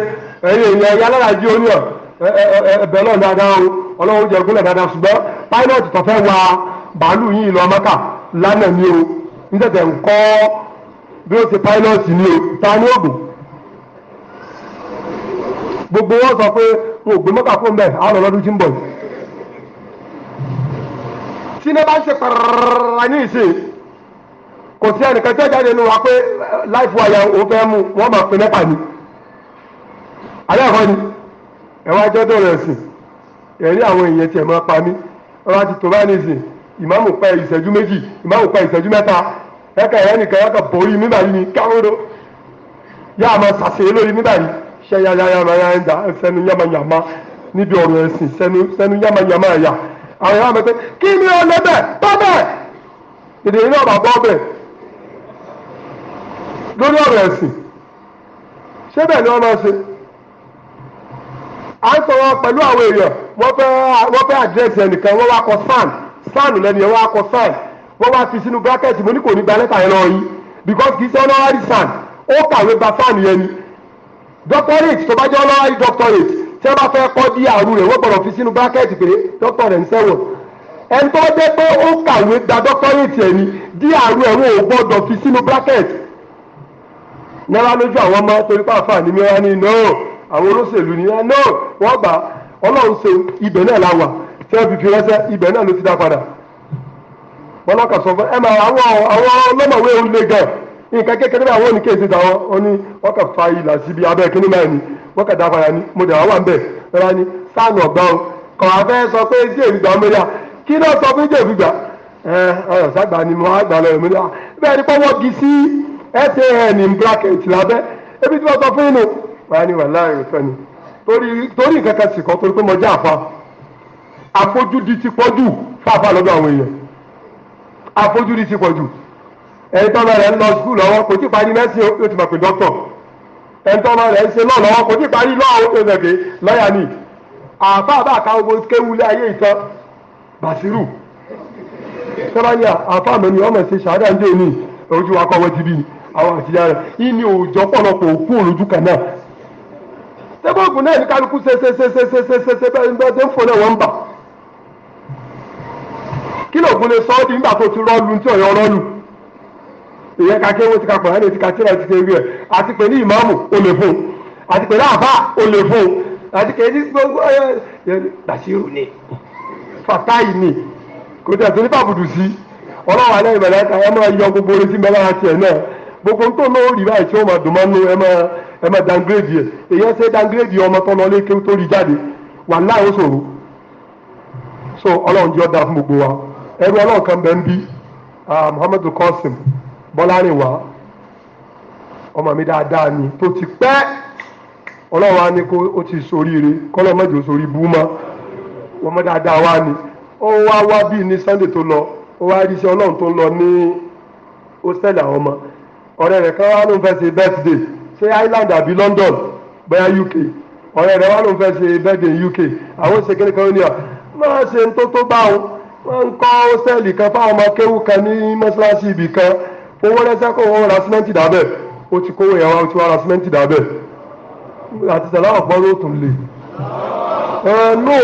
ẹ̀yin lára oníyàn ẹ̀bẹ̀ lọ́ọ̀ dáadáa o ọlọ́wọ́ jẹ gúnlẹ̀ dáadáa ṣùgbọ́n pilot tó fẹ́ wa bàálù yìí lọ mọ́kà lánàá ni o ń tẹ̀tẹ̀ ń kọ́ bí ó ti pilot ni o ta ni oògùn gbogbo wọn sọ pé wọn ò gbé mọ́kà fún bẹ́ẹ̀ àwọn ọlọ́dún tí ń bọ̀ yìí tí iná bá ń ṣe pàrọ̀rọ̀rọ̀rọ̀ ní ìsìn kò sí ẹnìkan tí ó jáde nínú wa pé láìfù àyà òun fẹ́ mú wọn máa pin mẹ́ta ni àyà ẹ̀kọ́ ẹ wá jọ́dọ̀ rẹ̀ sìn ẹ̀rí àwọn èèyàn tiẹ̀ máa pa mí ẹ wá ti tó bá ní sìn ìmáàmù pa ìṣẹ́jú méjì ìmáàmù pa ìṣẹ́jú mẹ́ta ẹ̀ka ẹ̀rẹ́ nìkan ẹ̀ka borí mi báyìí ni káwọ́dọ̀ yá a máa ṣàṣeyé lórí mi báyìí ṣẹ́ yáyáyámáyáńdà sẹ́nu yámáyámá níbi ọ̀rọ̀ ẹ̀sìn sẹ́nu sẹ́nu yámáyámá ẹ̀yà àwọn ẹ̀rọ àmọ́tẹ́ kí ni ó lẹ́bẹ̀ bọ́bẹ̀ èdè yìí náà bà bọ́bẹ̀ lórí ọ̀rọ̀ ẹ̀sìn ṣé bẹ́ẹ̀ ni wọ́n máa ṣe à ń sọ̀rọ̀ pẹ̀lú àwọn èèyàn wọ́n fẹ́ àdírẹ́sì ẹnìkan wọ́n wá kọ san san lẹ́nu wọ́n wá kọ san wọ́n wá fi sínú bírákẹ́tì mo ní kò ní gba lẹ́tà yẹn yìí because kì í ṣe ni doctorate tó bá jẹ́ doctorate tí wọ́n bá fẹ́ kọ́ dí àrùn rẹ̀ wọ́n gbọ́dọ̀ fi sínú bírákẹ́tì pé doctor rẹ̀ ń sẹ́wọ̀n ẹni tó dé ni dí àrùn àwọn olóṣèlú ni ẹ náà wọ́n gbà ọlọ́run ṣe ibẹ̀ náà láwà tí fi fi rẹ́sẹ̀ ibẹ̀ náà ló ti dá padà wọn náà sọ fún ẹ máa àwọn àwọn ọlọ́mọwé òun gan nǹkan kékeré bá àwọn oníkèsè táwọn oní wọn kà fa ìlà síbi abẹ́ kínní náà ni wọn kà dá padà ni mo dẹ̀ wà ń bẹ̀ ni sáànù ọ̀gbà o kọ̀ wá fẹ́ sọ pé èmi gbà kí náà sọ fún gbà ẹ ọ̀rọ̀ sàgbà ni mo lọ bẹ́ẹ̀ wọ́n á ní wà láàrin ìtọ́ ni torí torí nǹkan kan sì kọ́ torí pé mo jẹ́ àfa àfojúdi ti pọ̀ jù fáfá lọ́dọ̀ àwọn èèyàn àfojúdi ti pọ̀ jù ẹni tó bá rẹ̀ ń lọ sùkúl lọ́wọ́ kò tí parí mẹ́sìn ó ti mọ̀ pé dókítà ẹni tó bá rẹ̀ ń ṣe lọ́ọ̀ lọ́wọ́ kò tí parí lọ́ọ̀ ó ti rẹ̀ lọ́ọ̀yà ni àfa àbá àka ogun kéwulẹ̀ ayé ìtàn Bàṣírù sọ́láyà àfa mẹ́ni ọmọ ṣe ṣàdá ń dé ní ojú akọ́wọ́ ti bí àwọn àtijọ́ rẹ̀ ìní òòjọ́ pọ̀lọpọ̀ òkú òlójú kan náà tẹ́gbọ́ọ̀gùn náà ní kálukú ṣeṣeṣeṣeṣeṣe bẹ́ẹ̀ bẹ́ẹ̀ tó ń fọlẹ́ wọn bà kí lóògùn lè sọ ọ́ di nígbà tó ti rọ́ọ̀lù tí ọ̀yọ́ rọ́ọ̀lù ìyẹn ká kéwọ́ ti ka pọ̀ láti ka tíra ti ṣe rí ẹ̀ àti pẹ̀lú ìmáàmù ó lè fún un àti pẹ̀lú àbá ó lè fún un àti pẹ̀lú gbogbo ẹ̀ bàṣírù ni fàtáì ni kò tẹ̀ tó ní bàbùdù sí ọlọ́wà lẹ́yìn mẹ̀lẹ́ta ẹ máa yọ gbogbo orin sí mẹ́lẹ́ àti ẹ̀ náà gbogbo ntọ tó náà ó rí báyìí tí ó máa dùn máa nú ẹ máa ẹ máa dangrèdì ẹ èyàn ṣe dangrèdì ọmọ tó lọ lékè tó rí jáde wà láì ó ṣòro so ọlọ́run jẹ́ ọ̀dà fún gbogbo wa ẹrú ọlọ́run kan bẹ́ẹ̀ ń bí Muhammadu Qasim Bọ́lárìnwá ọmọ mi dáadáa ni tó ti pẹ́ ọlọ́run wa ni kó o ti ṣoríire kọ́lọ́ mọ́jọ sórí bú ọmọ dáadáa wa ni ó wá wá bíi ní Sunday tó lọ ó wá rí iṣẹ́ ọlọ́run tó lọ ní hostel àwọn ọmọ ọ̀rẹ́ rẹ̀ kan wá ló ń fẹ́ ṣe birthday ṣé Ireland àbí London bóyá UK ọ̀rẹ́ rẹ̀ wá ló ń fẹ́ ṣe birthday UK àwọn ṣe kékeré kan ní ọ máa ṣe tó tó bá wọn wọn ń kọ́ sẹ́ẹ̀lì kan fáwọn ọmọ kéwù kan ní mọ́ṣáláṣí ibì kan owó rẹ́sẹ́ kó wọn ra símẹ́ǹtì dábẹ́ ó ti kówó yẹn wá ó ti wá ra símẹ́ǹtì dábẹ́ àti sàlá ọ̀pọ̀ ló tún lè. ẹnu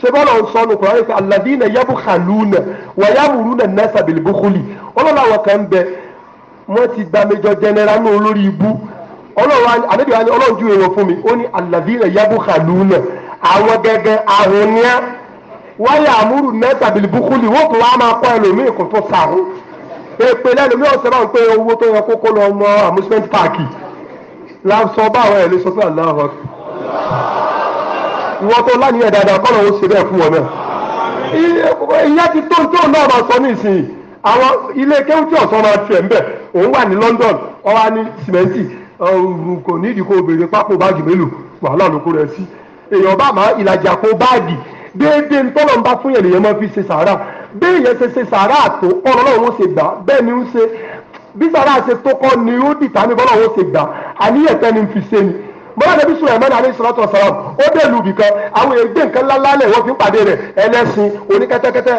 ṣe bọ́lá ń sọ ní kùrọ̀ àlàdínà yẹ́bù kàlùnà wàyàmùrùnà nẹ́sàbìlì bùkúlì ọlọ́lá àwọn kan bẹ́ẹ̀ wọ́n ti gba méjọ jẹnẹra ní olórí ibú ọlọ́run àdébí wa ni ọlọ́run ju èrò fún mi ó ní àlàbí rẹ̀ yábò kàlù nà àwọn gẹ́gẹ́ àrùn níà wáyà àmúrù mẹ́ta bìlìbùkúlì wọ́n kò wá máa kọ́ ẹlòmíì kò tó sàrún èpè lẹ́lòmíì ọ̀sẹ̀ bá ń pé owó tó yẹ kókó lọ mọ amusement park lásọ bá àwọn ẹ̀ lè sọ sí aláwọ̀ ìwọ́n tó lánìyàn dáadáa kọ́ lọ́wọ́ ṣe bẹ́ẹ̀ fún wọn náà ìyá ti tó tó náà máa sọ ní ìsinyìí àwọn ilé kéwùtì ọ̀sán máa tiẹ̀ ń bẹ̀ òun wà ní London ọwá ní sìmẹ́ǹtì kò ní ìdíkò obìnrin pápó báàgì mélòó wàhálà ló kó rẹ sí èèyàn bá máa ìlàjà kó báàgì déédéé ntọ́lọ̀ ń bá fún yẹn lèyẹn máa fi ṣe sàárà bẹ́ẹ̀ yẹn ṣe ṣe sàárà tó kọ́ lọ́wọ́ ṣe gbà bẹ́ẹ̀ ni ó ṣe bí sàárà ṣe tó kọ́ ni ó dìtà ní bọ́lọ́wọ́ ṣe gbà àníyàn tẹ́ni fi ṣe ni bọ́lá nàbí Sulaiman alayhi salatu ó dé lu ibìkan àwọn nǹkan lálẹ́ wọ́n fi ń pàdé rẹ̀ ẹlẹ́sìn oníkẹ́tẹ́kẹ́tẹ́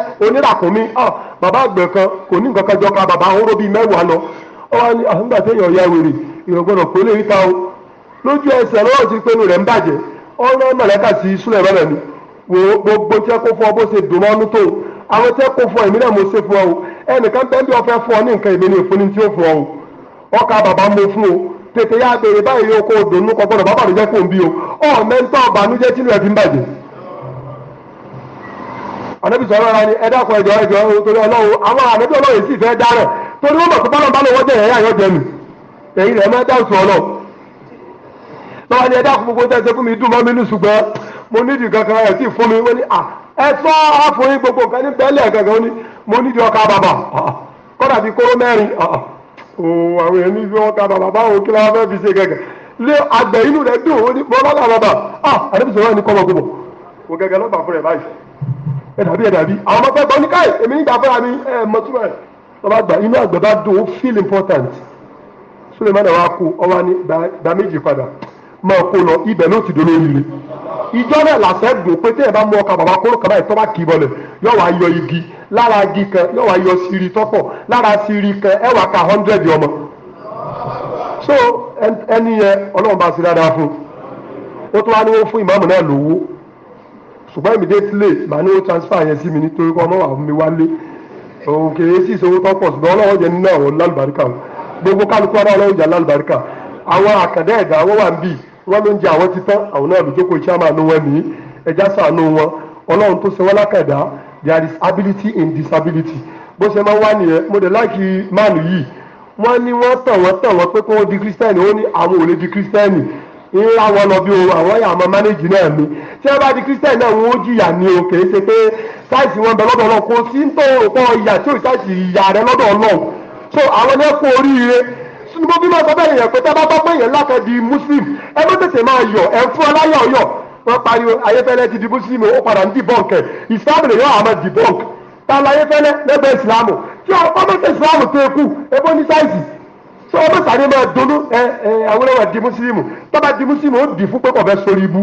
ọ bàbá kò ní nǹkan kan jọ bàbá bíi ọ wá ní ah, ya wèrè o lójú ẹsẹ̀ lọ́wọ́ ti pinnu rẹ̀ ń bàjẹ́ mọ̀lẹ́kà sí Sulaiman gbogbo kó ọ bó ṣe dùn mọ́nú tó àwọn kó ọ èmi náà mo ṣe fún ọ o ẹnìkan tẹ́ńdé ọ̀fẹ́ fún ọ ní nǹkan èmi ní ìfúnni tí ó fún ọ o ọkà bàbá tètè ya béèrè báyìí oko dònú nnukwu gbọ́dọ̀ bàbá àdójẹ fún bí o ọ mẹńtọ ọbànújẹ́ tí lóye fi ń bàjẹ́. ànábì sọ̀rọ̀ ara ni ẹ dákun ẹjọ́ ẹjọ́ torí ọlọ́run àwọn ànábì ọlọ́run sì fẹ́ dárẹ̀ torí wọn bọ̀ tó bá lọ́ọ́ bá lọ́wọ́ jẹ́ ẹ̀yà mi èyí rẹ̀ ni ẹ dákun gbogbo òun àwọn èèyàn ní bí wọ́n ta bàbá báwo kí láwọn fẹ́ fi ṣe gẹ̀gẹ̀ lé àgbẹ̀ inú rẹ̀ dùn ó ní bọ́lá làwọn bàbá ah àdébísọ̀ náà ní kọ́mọ̀ gbogbo kò gẹ̀gẹ̀ lọ́gbà fún rẹ̀ báyìí ẹ dàbí ẹ dàbí àwọn ọmọ fẹ́ gbọ́ ní káì èmi nígbà fúnra mi ẹ mọ túmọ̀ ẹ̀ lọ́ba gbà inú àgbẹ̀ bá dùn ó feel important Sulemani wa kú ọwọ́ ni gba méjì padà máa kó lọ ibẹ̀ ló ti dolo líle ìjọ náà làṣẹ dùn pé téèyàn bá mú ọkà bàbá kóró kàbáyé tó bá kì í bọlẹ̀ yóò wá yọ igi lára igi kan yóò wá yọ siri tọpọ, lára siri kan ẹ wá ka hundred ọmọ so ẹni yẹn ọlọ́run bá sí dáadáa fún ó wá ní fún ìmáàmù náà lówó ṣùgbọ́n màá ní transfer yẹn sí mi nítorí kọ́ ọmọ àwọn mi òun ṣùgbọ́n ọlọ́run jẹ nínú àwọn o gbogbo kálukú ara ọlọ́run jẹ lálùbáríkà àwọn ẹ̀dá wà ń bì ló ń jẹ àwọn àwọn náà lójókòó iṣẹ́ àmàlú wọn ẹja sàánú wọn ọlọ́run there is ability in disability bó ṣe máa wá nìyẹn mo dẹ̀ láìkí máàlù yìí wọ́n ní wọ́n tàn wọ́n tàn wọ́n pé kó wọ́n di kírísítẹ́nì ó ní àwọn ò lè di kírísítẹ́nì ńlá wọn lọ bí o àwọn yà máa mánéjì náà mi tí wọ́n bá di kírísítẹ́nì náà wọ́n ó jìyà ni o kì í ṣe pé sáìsì wọn bẹ lọ́dọ̀ ọlọ́run kò sí ń tó òpó ìyà tí ò sáìsì ìyà rẹ lọ́dọ̀ ọlọ́run so àwọn yẹn kú oríire sínú gbogbo bí wọ́n sọ bẹ́ẹ̀ yẹn pé tá a bá bá pé muslim ẹ má tètè máa yọ̀ ẹ fún wọ́n pariwo ayéfẹ́lẹ́ ti di mùsùlùmí ó padà ń debunk ẹ̀ ìsìlámù lè yọ àmọ́ debunk ta la ayéfẹ́lẹ́ lẹ́gbẹ̀ẹ́ ìsìlámù tí ọmọ tẹ ìsìlámù tó ekú ebó ní sáìsì tí ọmọ sàrí máa dunu ẹ ẹ awúrẹ́wà di mùsùlùmí tọ́ba di mùsùlùmí ó dì fún pé kò fẹ́ sórí ibú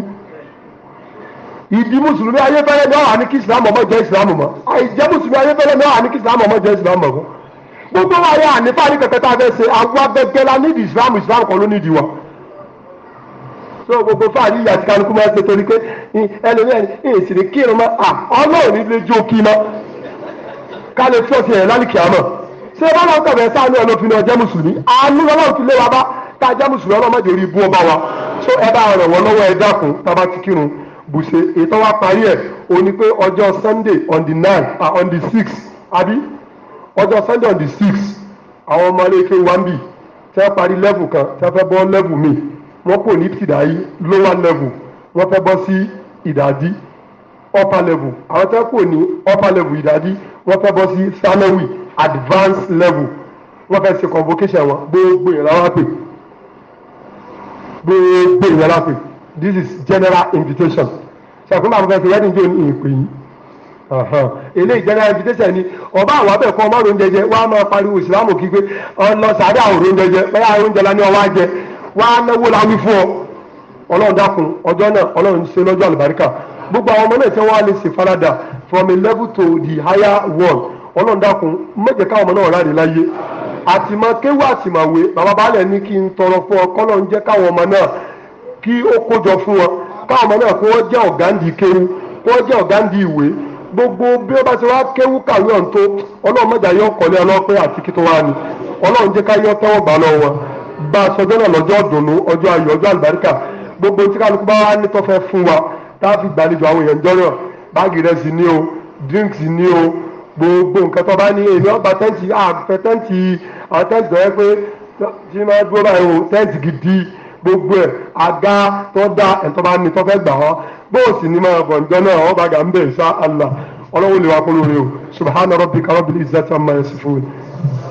ìdí mùsùlùmí ayéfẹ́lẹ́ ni ọ̀hà ní kí ìsìlámù ọmọ jẹ́ ìsìlámù mọ́ àìjẹ́ mùsùlùmí ayéfẹ́lẹ́ ni ọ̀hà ní kí ìsìlámù ọmọ jẹ́ ìsìlámù mọ́ gbogbo wa yà nípa ní pẹpẹ tá a fẹ́ ṣe àwọn abẹgbẹ́ la nídìí ìsìlámù ìsìlámù kan ló nídìí wa so gbogbo fáàlì ìyá tí kálukú máa ń ṣe torí pé ẹlòmíràn èsì ní kírun mọ́ à ọlọ́run ní lè jó kí mọ́ ká lè fọ́ọ̀sì ẹ̀ lálùkì àmọ́ ṣé báwọn kọ̀ọ̀bẹ sáánú ọlọ́fin ọjọ́ mùsùlùmí àánú ọlọ́run fi lé wa bá tá a jẹ́ mùsùlùmí ọlọ́mọdé orí ibú ọba wa so ẹ bá ràn wọ́n lọ́wọ́ ẹ dákun tábà ti kírun bùṣe ètò wa parí ẹ̀ o ní pé ọjọ́ Sunday on the nine uh, on the six àbí ọjọ́ Sunday on the six àwọn ọmọ ilé ike wambi tẹ́ parí level kan tẹ́ fẹ́ bọ́ level míì wọ́n pò ní ìdáyí lower level wọ́n fẹ́ bọ́ sí ìdádí upper level àwọn tẹ́ pò ní upper level ìdádí wọ́n fẹ́ bọ́ sí sanawi advanced level wọ́n fẹ́ ṣe convocation wọn gbogbo yẹn la wá pè gbogbo yẹn la pè this is general invitation ṣàfihàn àwọn fẹsẹ̀ yẹn ní ìjọ ní ìpè yìí eléyìí general invitation ni ọba àwọn abẹ kan ọmọ oúnjẹ jẹ wọn a máa pariwo ìsìlámù kí pé ọ lọ sàárẹ àwọn oúnjẹ jẹ bẹ́ẹ̀ àwọn oúnjẹ la ní ọwọ́ àjẹ wá náwó la wí fún ọ ọlọ́run dákun ọjọ́ náà ọlọ́run ṣe lọ́jọ́ àlùbáríkà gbogbo àwọn ọmọ náà tí wọ́n á lè farada from a level to the higher world ọlọ́run dákun mẹ́jẹ̀ káwọn ọmọ náà ráre láyé àtìmọ́ kéwú àtìmọ̀wé bàbá baálẹ̀ ní kí n tọrọ fún ọ jẹ́ káwọn ọmọ náà kí ó kójọ fún wọn káwọn ọmọ náà kó wọ́n jẹ́ ọ̀gáǹdì kéwú kó gbogbo bí bá ti wá kéwú kàwé ọ̀ǹtó ọlọ́run bá a sọjọ́ náà lọ́jọ́ ọ̀dùnnú ọjọ́ ayọ̀ ọjọ́ gbogbo tí kálukú bá wá ní wa tá a fi gbàlejò àwọn èèyàn jọ́nà báàgì rẹ̀ sì o drinks ní o gbogbo nǹkan tó bá ní èmi ọba tẹ́ǹtì àfẹ tẹ́ǹtì àwọn tẹ́ǹtì tó yẹ pé tí dúró o tẹ́ǹtì gidi gbogbo ẹ̀ aga tó dá bá ní tó fẹ́ gbà bóòsì ní máa ń